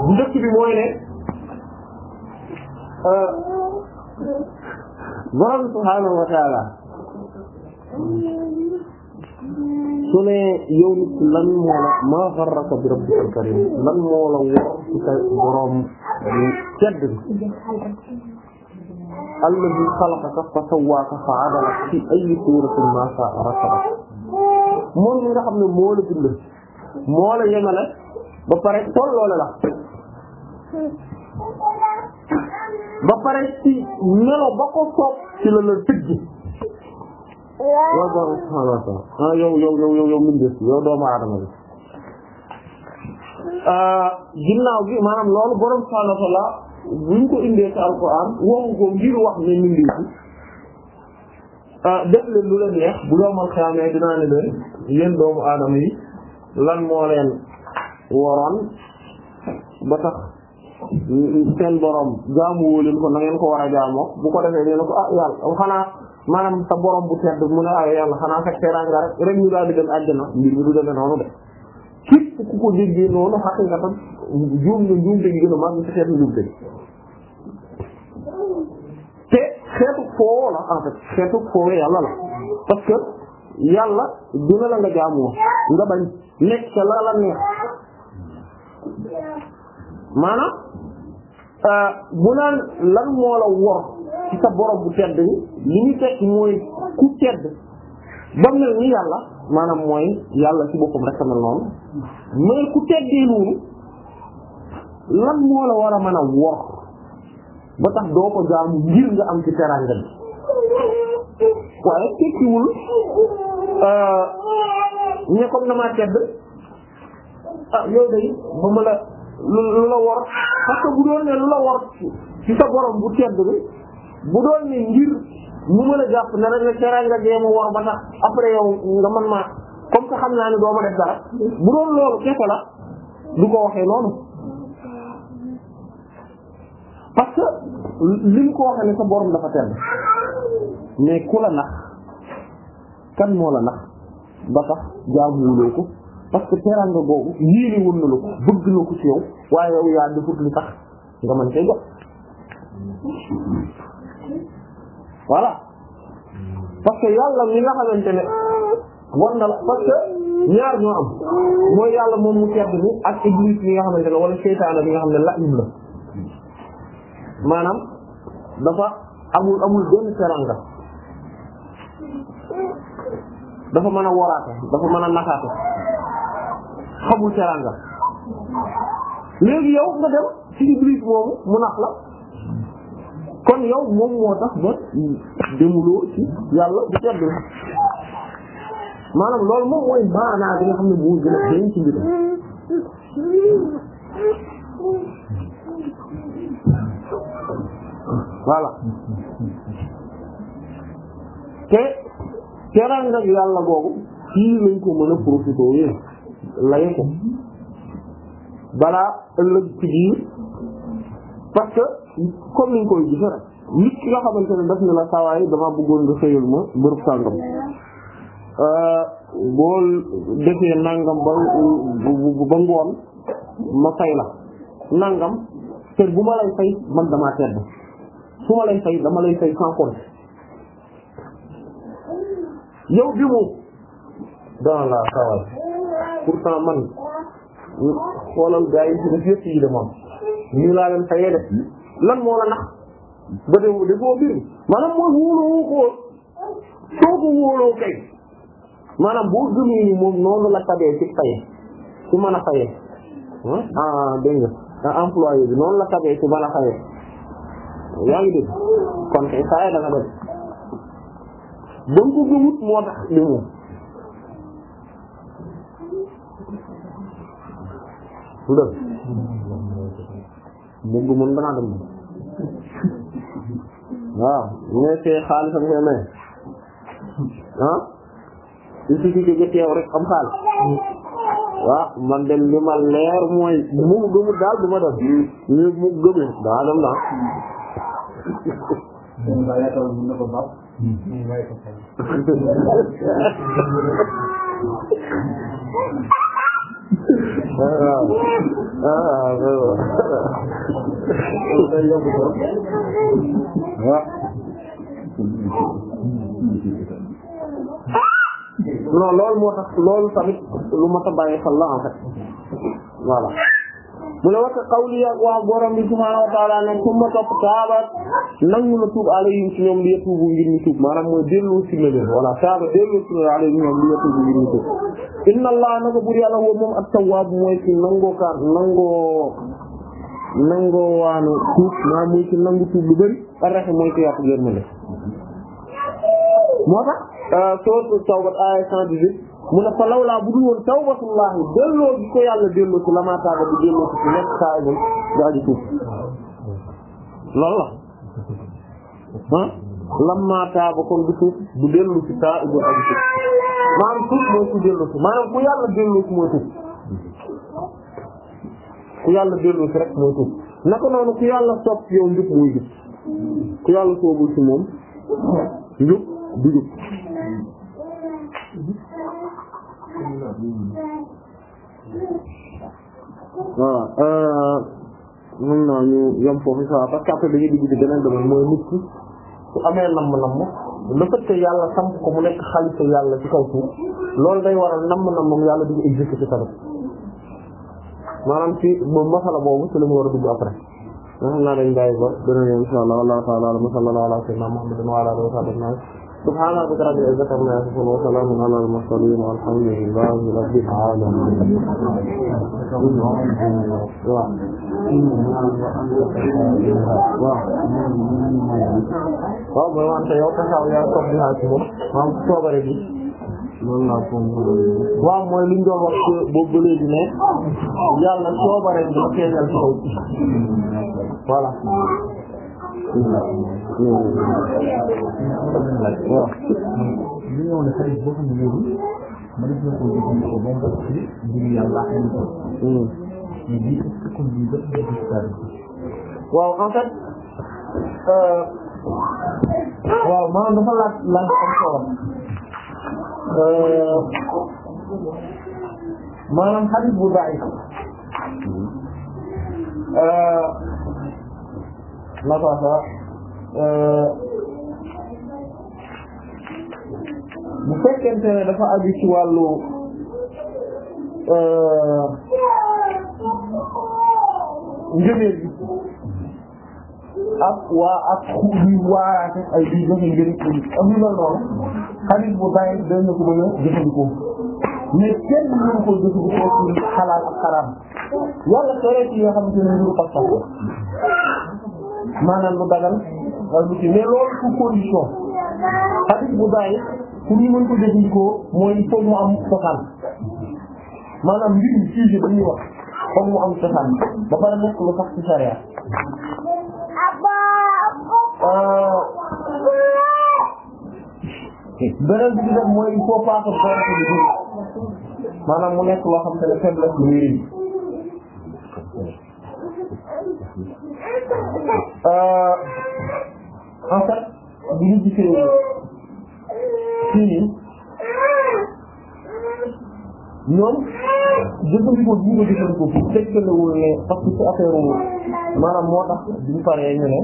bu njëkk bi mooy ne euh, borom subhaanahu wa taala su ne yow nit lan moo maa xarraka bi rabbikal karim lan moo la wor ci sa borom bu alladi xalaqaka fa sawwaaka fa adala fi ayyi suuratin ma sha'a rakkabak moom mi nga xam ne moo la bind yemale ba pare tolloole la ba pare ci melo ba ko soob ci la la tëgg yow borom subhaanahu wa ta'aala ah yow yow yow yow yow mindeef yow doomu aadama bi ah ginnaaw gi maanaam loolu borom subhaanahu wa ta'aala buñ ko indee ci alxuraan waxu ko ngir wax ne ñu ngi ah def leen lu la neex bu doomal xamee dinaa ne leen yéen doomu aadama yi lan moo leen waroon ba tax seen borom jaamuwoo leen ko na ngeen ko war a jaamoo bu ko defee nee na ko ah yàlla xanaa maanaam sa borom bu tedd mu ne ah yàlla xanaa fekk teraanga rek rek ñu daal di dem àjjana mbir mi du demee noonu de. képp ku ko déggee noonu xaqiqatan juum nga njuumte gi gën a mag te xeetu foo la en xeetu foo yàlla la parce que yàlla dina la nga jaamu nga bañ nekk ca la la maanaam euh, bu naan lan moo wor ci sa borom bu tedd bi li mooy ku tedd ba mel ni yàlla maanaam mooy yàlla ci boppam rek mel noonu mais ku teggee loolu lan moo la war a mën a wor ba tax doo ko jaamu ngir nga am ci teraanga bi waaye tekkiwul ñe euh, comme tedd ah la wor parce bu doon ne lu la wor ci sa borom bu tedd bi bu doon ne ngir mu mën a jàpp ne rek ne teraanga jéem a war ba tax après yow nga man maa comme que xam naa ne doo ma def dara bu doon loolu kese la du ko waxee noonu parce que li ñu ko waxee ne sa borom dafa teel mais ku la nax kan moo la nax ba tax jaamuwuloo ko parce que teraanga boobu yéene woon na la ko bëgg na ko ci yow waaye yow yaa defut lu tax nga mën cee jot voilà parce que yàlla mi nga xamante ne war na la parce ñaar ñoo am mooy yàlla moom mu tedd ni ak iblis bi nga xamante ne wala seytaane bi nga xam ne la im la maanaam dafa amul amul benn teranga dafa mën a woraate dafa mën a naxaate xamul teranga léegi yow nga dem ci iblis moomu mu nax la kon yow moom moo tax ba demuloo ci yàlla bu tedd maanaam loolu moom mooy maanaa bi nga xam ne moo gën a feeñ ci mbir voilà te teraanga yàlla googu fii lañ ko mën a profité yee lay ko balaa ëllëg ci biir parce que comme niñ koy gis rek nit ki nga xamante ne daf ne la sawaay damaa bëggoon nga sëyal ma bërëb sàngam euh, boo defee nangam ba ba ngoon ma fay la nangam te bu ma lay fay man damaa tedd su ma lay fay dama lay fay sans yow bi mu dana la sawaay pourtant man xoolal gaa yi ci def yëpp yi de moom ñu laa leen fayee def lan moo la nax ba déggoo déggoo mbir mi maanaam mooy wóoloo ko soo ko wóoloo kay maanaam boo gëmee ni moom noonu la tabee ci fay ci mën a fayee ah dégg nga ah, employé bi noonu la tabee ci mën a fayee yaa ngi dégg kon kay saa yi dana dem ba mu ko gëmut moo waaw mais tey xaalisam ngay may ah il suffit que nga teew rek am xaalis man dem li ma leer mooy mu gëmul daal du ma dem ñu mu gëmul daa dem daal hmm. waaw waaw waaw non loolu moo tax loolu tamit lu ma ta bàyyi xel la en fait voilà mu ne waxta qawli ak wax borom bi subhaanahu wa ta'ala ne summa topp taabat nangu na tuub alayhim ci ñoom li ngir ñu tuub maanaam mooy dellu si na leen wala taaba dellu si na leen alayhim ñoom li ngir ñu tuub inna allah nako bur yàlla woo moom at-tawwaab mooy ci nangoo kaar nangoo nangoo waanu tuub maa muy ci nangu tuub lu bëri ar mooy ci yàq gërmande moo tax euh, soo tawbat aaya 118 mu ne fa lawlaa bu dul woon tawbatullaahi delloo gi ko yàlla delloo ci lamaa taaba bu delloo ci ci nekk saa yi daa ji tuub loolu la ah lamaa taaba kon du tuub du dellu ci saa yi daa ji tuub maanaam tuub mooy ku dellu ci maanaam ku yàlla delloo ci mooy tuub ku yàlla delloo ci rek mooy tuub naka noonu ku yàlla sopp yow njub muy jub ku yàlla soobul ci moom njub du jub voilà euh, mën naa ñu yem foofu ça parce que après dañuy digg ci beneen domaine mooy nit ki su amee namm-namm le fait yàlla samp ko mu nekk xalifa yàlla ci kaw suuf loolu day waral namm-nammam yàlla di ko exécuté tamit maanaam ci moom masala boobu ci la mu war a dugg après nga xam naa dañ bàyyi ba beneen insha Allah Allah ta'ala wa sallallahu ala sayyidina Muhammadin wa ala alihi wa sahbihi subhaana rabbika rabbil izzati ammaa yasifuun wa salaamun alal mursaliin walhamdulillaahi rabbil aalamiin waaw mooy wante yow taxaw yaa toog di xaar ci moom maam coobare bi loolu laa ko waaw mooy li ñu doon wax boobu ba léegi ne yàlla coobare bi la feeñal ci kaw voilà waaw. ñu ñëw ne xarit boo xam ne léegi mënees na koo jëfandikoo ba mu def ci biir yàlla ak ñu ko. mais lii est-ce que comme lii daf lay gis waaw en fait. Euh, waaw maanaam dafa laaj laaj am solo euh, maanaam xadis bu daif euh, la ko wax Euh, bu fekkente ne dafa aju ci wàllu euh, ngëneel bi ak waa ak xuubi waaraate ay di joxe ngëneel bi am lu mel noonu xarit bu bàyyi dañ na ko mën a jëfandikoo mais kenn mënu ko jëfandikoo ci ak xaraam wala sore ci yoo xamante ne mbiru pas-pas maanaam lu dagal al-muti mais loolu su condition hadith bu daay pour ñu mën ko jëfandikoo mooy mu am cosaan maanaam mi sujet ba ñuy wax mu am cosaan ba pare nekk lu sax ci charia ah. beneen bi ci def mooy il faut pas que force bi dugg maanaam mu nekk en fait bu ñu gisee fii nii ñoom jëfandikoo bi ñu jëfandikoo bu tekkalewul ne parce que ci affaire moo tax bi ñu paree ñu ne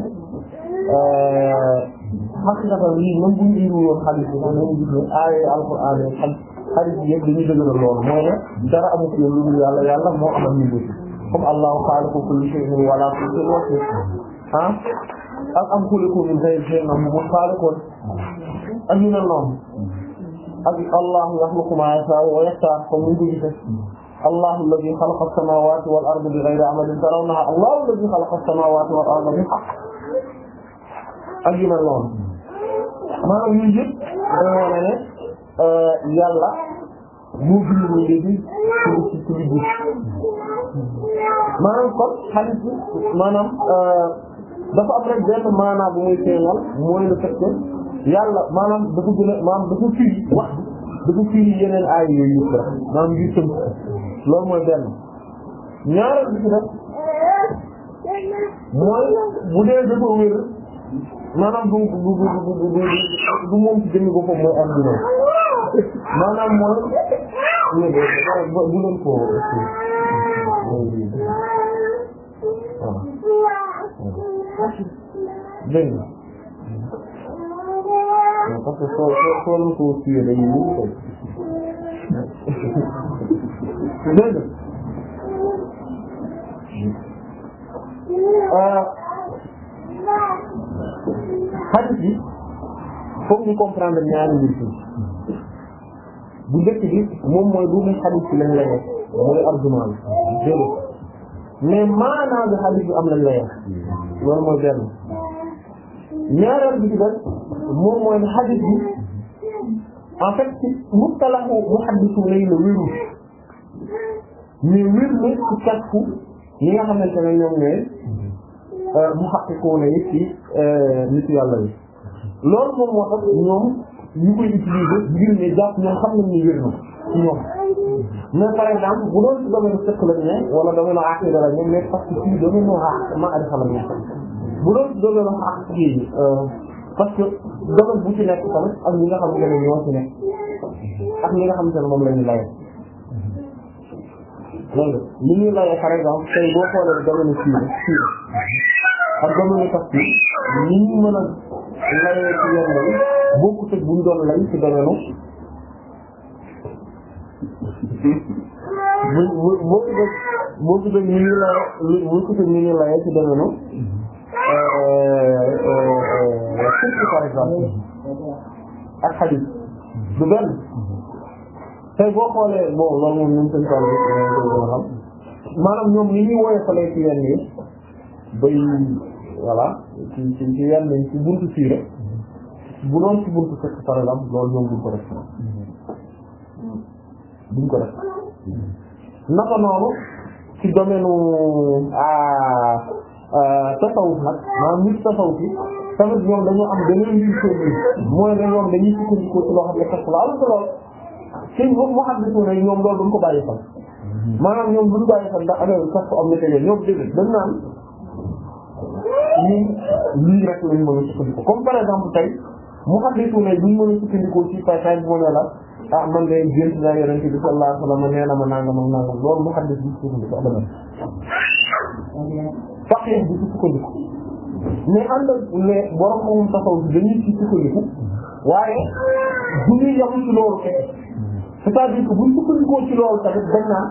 xaqiqatan euh, lii même bu ñu indi woon xaalis bi sax dañu gis ne aaya alquran xam xaalis bi yëpp dañuy dëgëral loolu mooy ne dara amul ci lu dul yàlla yàlla moo amal ñu bëgg comme allahu xaaliqu kulli shay'in wala kulli shay'in ah ak am xuliku min xëy xëy na mu mun faalikoon ak ñu mel noonu ak allahu yaxluqu maa yashaa wa yaxtaar comme ni ñu ko gisee allahu alladi xalaqa as-samaawaati wal arda bi xayri amalin tarawnaha allahu alladi xalaqa as-samaawaati wal arda bil haqq ak yu mel noonu maanaam yooyu yëpp day wane ne euh, yàlla moo bind mu léegi ci ci ci maanaam kon xalis bi maanaam euh, dafa am rek benn maanaam bu muy feeñal mooy le fait que yàlla maanaam dafa gën a maanaam dafa firi wax dafa firi yeneen aay yooyu yëpp rek maanaam ngir tënk loolu mooy benn ñaareel bi ci def mooy bu dee dafa wér maanaam du du du du du moom ci jëmmi boppam mooy am dina maanaam mooy bu leen ko dégg nga parce que soo soo la ko suyee dañuy wut ko dégg nga euh, bi moom mooy lu muy hadith bi lañ lay mooy argument mais maanaam bi hadith bi am lañ lay wax loolu mooy benn ñaareel bi ci def moom mooy ne xadis bi en fait ci mustalahu muhaddisu lay la wérul mais wér na ci kasku ñi nga xamante ne ñoom ñooy euh, mu xaqikoo na yi ci euh, nitu yàlla yi loolu moom moo tax ñoom ni koy utiliser ngir ne jàpp ñoom xam nañ ne wér na ci ñoom mais par exemple bu doon ci domaine fiqh ne wala domaine aqida la ñoom nekk que ma maarifa la ñu bu doon domaine ak kii euh, parce que domaine bu ci nekk tamit ak ñi nga xamante ne ñoo ci nekk ak ñi nga xamante ne moom la ñu layee. dégg nga li ñuy layee par exemple tey boo xoolee domaine kii bi kii ak domaine fas yi li ñu mën a layee ci yenn yi bokkut ak bu ñu doon lay ci domaine bu bu boo ko boo surtout par exemple ak xadis du benn tey boo xoolee bon loolu moom ñun seen tool yi xam maanaam ñoom ni ñuy woyofalee ci yenn yi bay voilà ci ci ci yenn yi ci buntu siire bu doon buntu fekk par exemple loolu ñoom duñ ko def duñ ko def noonu ci domaine a ah, Euh, tasawuf nag maanaam nit tasawuf yi tamit ñoom dañoo am beneen mbir seen yi mooy ne ñoom dañuy sukkandiku ci loo xam ne xas la am te lool seen bopp moo xam ne suuna yi ñoom loolu duñ ko bàyyi fan maanaam ñoom duñ bàyyi fan ndax affaire bi xas ko am na tege ñoom dégg dañ naan ñun lii rek lañ mën a sukkandiku comme par exemple tey mu xam ne suuna yi duñ mën a sukkandiku ci paysan bi mu ne la ah man de gént naa yonent bi sallallahu alayhi wa sallam nee na ma nangam ak nangam loolu mu xam ne suñ sukkandiku abadan faqih bi ci sukkandiku mais ànd ak ne borom moom taxaw si dañuy ci sukkandiku waaye bu ñuy yem ci loolu kese c'est-à-dire que buñ sukkandikoo ci loolu tamit dañ naan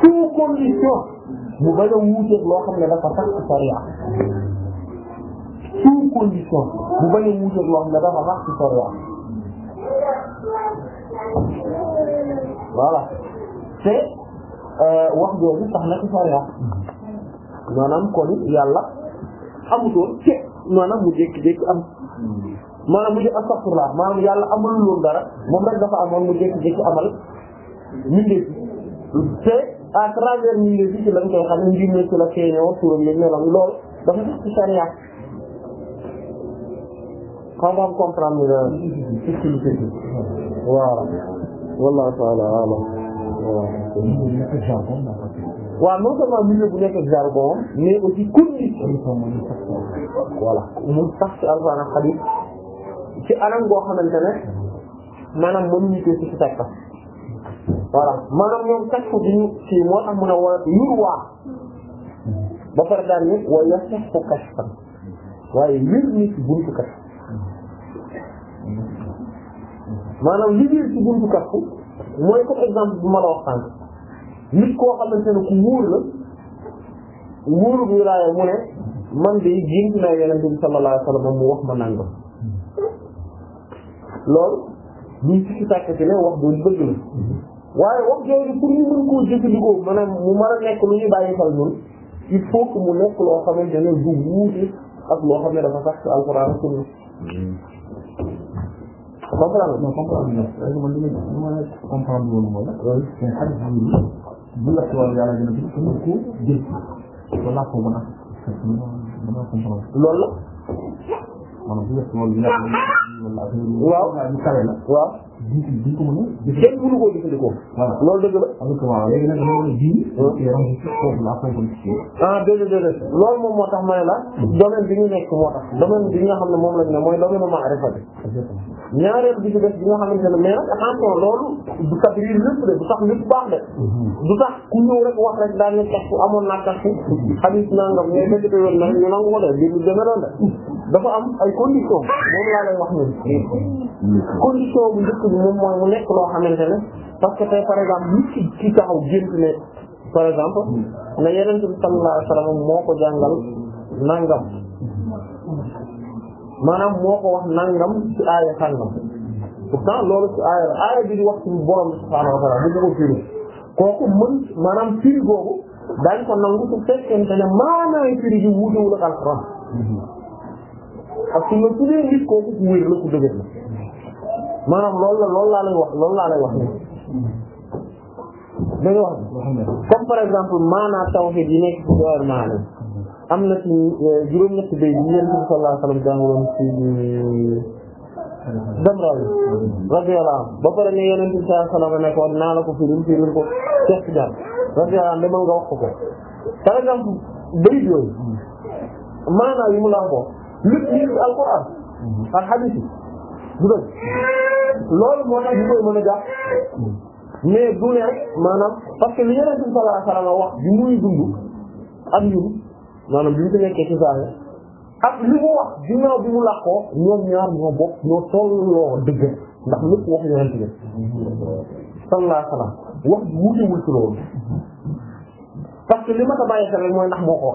sous condition mu bañ a wuuteeg loo xam ne dafa sax ci sariya sous condition mu bañ a wuuteeg loo xam ne dafa sax ci sariya voilà te euh, wax jooju sax na ci sariya maanaam kon yàlla amutoon te maanaam mu jékki-jékki am maanaam mu jékki astaghfirullah maanaam yàlla amul loolu dara moom rek dafa amoon mu jékki-jékki amal mbindeef te à travers mbindeef yi ci lañ koy xam mbir mi ci la feeñoo turam yi melam lool dafa sax ci charia xam nga am comprendre nga fiscalité bi waaw wallahu waaw waaw non seulement milieu bu nekk jaar ko moom mais aussi condition voilà mu sax ci alxuraan ak xadiis ci goo xamante ne maanaam mënuñu ko ci sakka voilà maanaam ñoom sakku bi ñu ci moo tax mën a wa yur waa ba pare daan ne wa yasaqu kashfan waaye yër ni ci buntu kaf maanaam li yër ci buntu kaf mooy comme exemple bu ma la wax sànq nit koo xamante ne ku wóor la wóoru wilaaya mu ne man de gént naa yonent bi sallallahu alayhi wasallam mu wax ma nangam loolu duñ sikki sàkk ci ne wax duñ bëgg la waaye wax jooju pour ñu mën koo jëfandikoo maanaam mu mën a nekk lu ñu bàyyi xel ñun il faut que mu nekk loo xamante ne du wuute ak loo xam ne dafa sax ci alxuraan ak sunna comprendre comprendre man li ma comprendre woon mooy bu la ci wàllu yàlla dina dugg te mën koo jël loolu laa ko mën a mën a comprendre loolu la maanaam bu la ci wàllu yàlla waaw waaw duñ ko duñ ko mën a. jëfandikoo kenn mënu koo jëfandikoo. voilà loolu dëgg la. alors que waaw léegi nag dañoo ji. yaram bi foofu la fay compliqué. ah déedéet moo la. Hmm. moo tax. domaine bi nga ne moom lañ ne mooy domaine ma'rifa bi. ñaareel bi ci des bi naa tax xadis hmm. hmm. nangam dafa am ay condition moom laa lay wax ni condition bu njëkk bi mu nekk loo xamante ne parce que tey par exemple nit ki ci taxaw gént ne par exemple na yeneen bi sallallahu alayhi wa moo ko jàngal nangam maanaam moo ko wax nangam ci aaya sàngam pourtant loolu ci aaya la bi di wax ci borom bi subhaanahu wa taala bu bëgg a firi kooku mën maanaam firi boobu daañ ko nangu su fekkente ne maanaam firi bi wuutewul ak alxuraan ak sunna su dee nit kooku ku wér la ku dëgër la maanaam loolu la loolu laa lay wax loolu laa lay wax ni dañu wax comme par exemple maanaa tawhid yi nekk ci door maanaam am na ci euh, juróom-ñetti bay yi yonent bi sallallahu alayhi wasallam jàngaloon ci euh, Damra bi radiyallahu anhu ba pare ne yonent bi sallallahu alayhi wasallam nekkoon naa la ko firil firil ko Cheikh Tidiane radiyallahu anhu demal nga wax ko ko par exemple bay yooyu maanaa yi mu làmboo lépp ñu ngi alquran moo tax ñu koy mën a jàpp mais du ne rek maanaam parce que li yeneen bi sallallahu muy dund ak ñun maanaam bi mu fi nekkee ci saa ak li mu wax ginnaaw bi mu làqoo ñoom ñaar ñoo bokk ñoo tolloo dëgg ndax lépp wax yeneen bi sallallahu alayhi wasallam wax ji wuutewul ci loolu que li ma ko bàyyi xel rek mooy ndax moo ko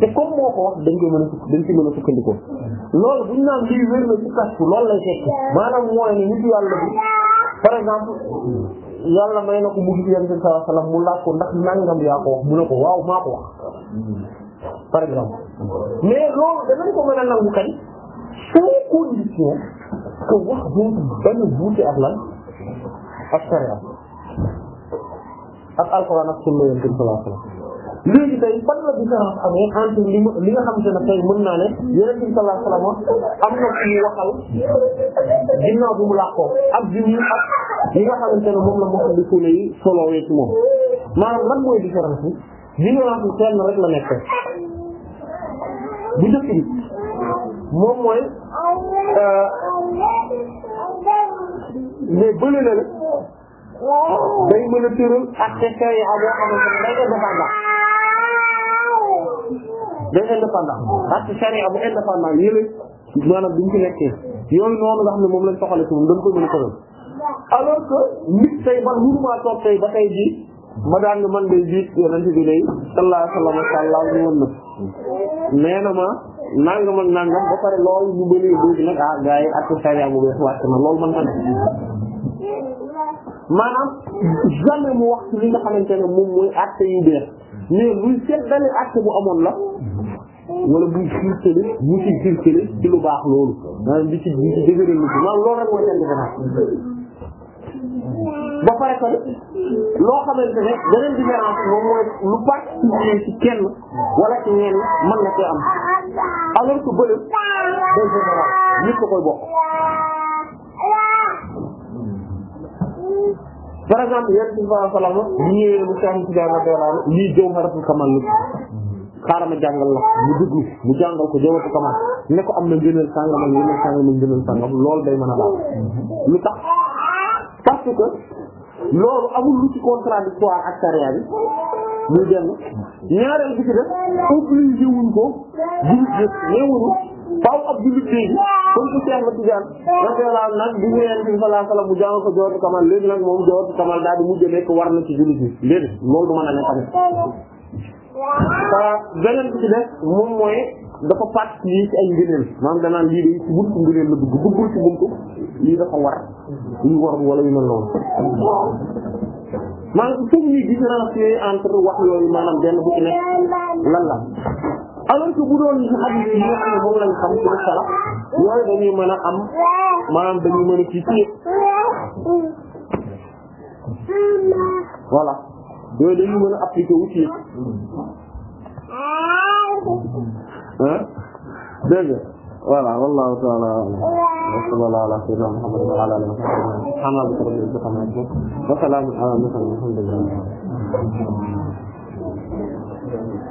te comme moo ko wax dañ koy mën a dañ koy mën a sukkandikoo naan lii wér na ci kasfu loolu lay fekk maanaam mooy ne nit yàlla bi par exemple yàlla may na ko mu gis yonent bi sallallahu alayhi wasallam mu laaj ko ndax nangam yaa ko wax mu ne ko waaw maa ko wax par exemple mais loolu danañ ko mën a nangu kay sans condition que wax boobu benn wuute ak lan ak sharia ak alxuraan ak sunna yonent bi sallallahu alayhi wasallam léegi tey ban la différence amee entre li ma li nga xamante ne tey mën naa ne yonent bi sallallahu alayhi wa sallam am na ku ñu waxal ginnaaw bi mu làqoo ak bi mu ak li nga xamante ne moom la moo xam ne suuna yi solowee ci moom maanaam lan mooy différence bi différence rek la nekk bu njëkk bi moom mooy euh, mais bële na day mën a tëral ak xeex yi ak yoo xamante ne day indépendant day indépendant parce que charia bu indépendant yële maanaam duñ ci nekkee yooyu noonu nga xam moom lañ soxale ci moom dañ ko mën a tawal alors que nit tey man mënumaa ba tey jii ma daan man day jiit yonent bi day sallallahu alayhi wa na nee na ma nangam ak nangam ba pare loolu ñu bëri léegi nag ah gars yi ak charia bu bees wàcc na loolu man tamit maanaam jamais mu wax ci li nga xamante ne moom mooy acte yu bees mais luy seddale acte bu amoon la wala buy xiirtale ñu ci xiirtale ci lu baax loolu maanaam di ci di ci dëgëral rek mooy seen moom lu particulier ci kenn wala ci ñenn mën na koy am alors ko bële day ko koy bokk. par exemple yenn ci sallallahu alayhi wa sallam ñëwee mu sànni ci daanaka lii jawharatul kamal xaaral ma jàngal la mu déglu jàngal ko jaww ji commencé ne am na ngëneel sàngam ak ngëneel sàngam ak ngëneel sàngam loolu day mën a daal. lu tax parce que loolu amul lu ci contradictoire ak charia bi muy benn ñaareel bi ci def obligé wuñ ko jullit yëpp néewuñu faaw ab jullit léegi comme que Cheikh Ahmad Tidiane radiyallahu anhu bi ñu yeen mu jàng ko jaww ji kamal léegi nag moom jaww ji kamal daal mujj nekk war na ci jullit yi léegi loolu du mën a ne beneen bi ci des moom mooy dafa pàcc yi ci ay ngëneel maanaam danaan lii day ci buntu ngëneel la dugg duggul ci buntu lii dafa war lii warul wala yu mel noonu maanaam foog ñuy différence yooyu maanaam benn bu ci nekk lan la alors ko bu doon hadith yi nga moom lañ xam ci salaf yooyu dañuy mën a am maanaam dañuy mën a ci ci voilà yooyu dañu mën a appliquer wu ci ah dégg voilà wallahu ta'ala wa sallallahu ala sayyidina muhammad wa ala alihi wa sahbihi subhanallah rabbil izzati wa salamun ala al mursalin walhamdulillah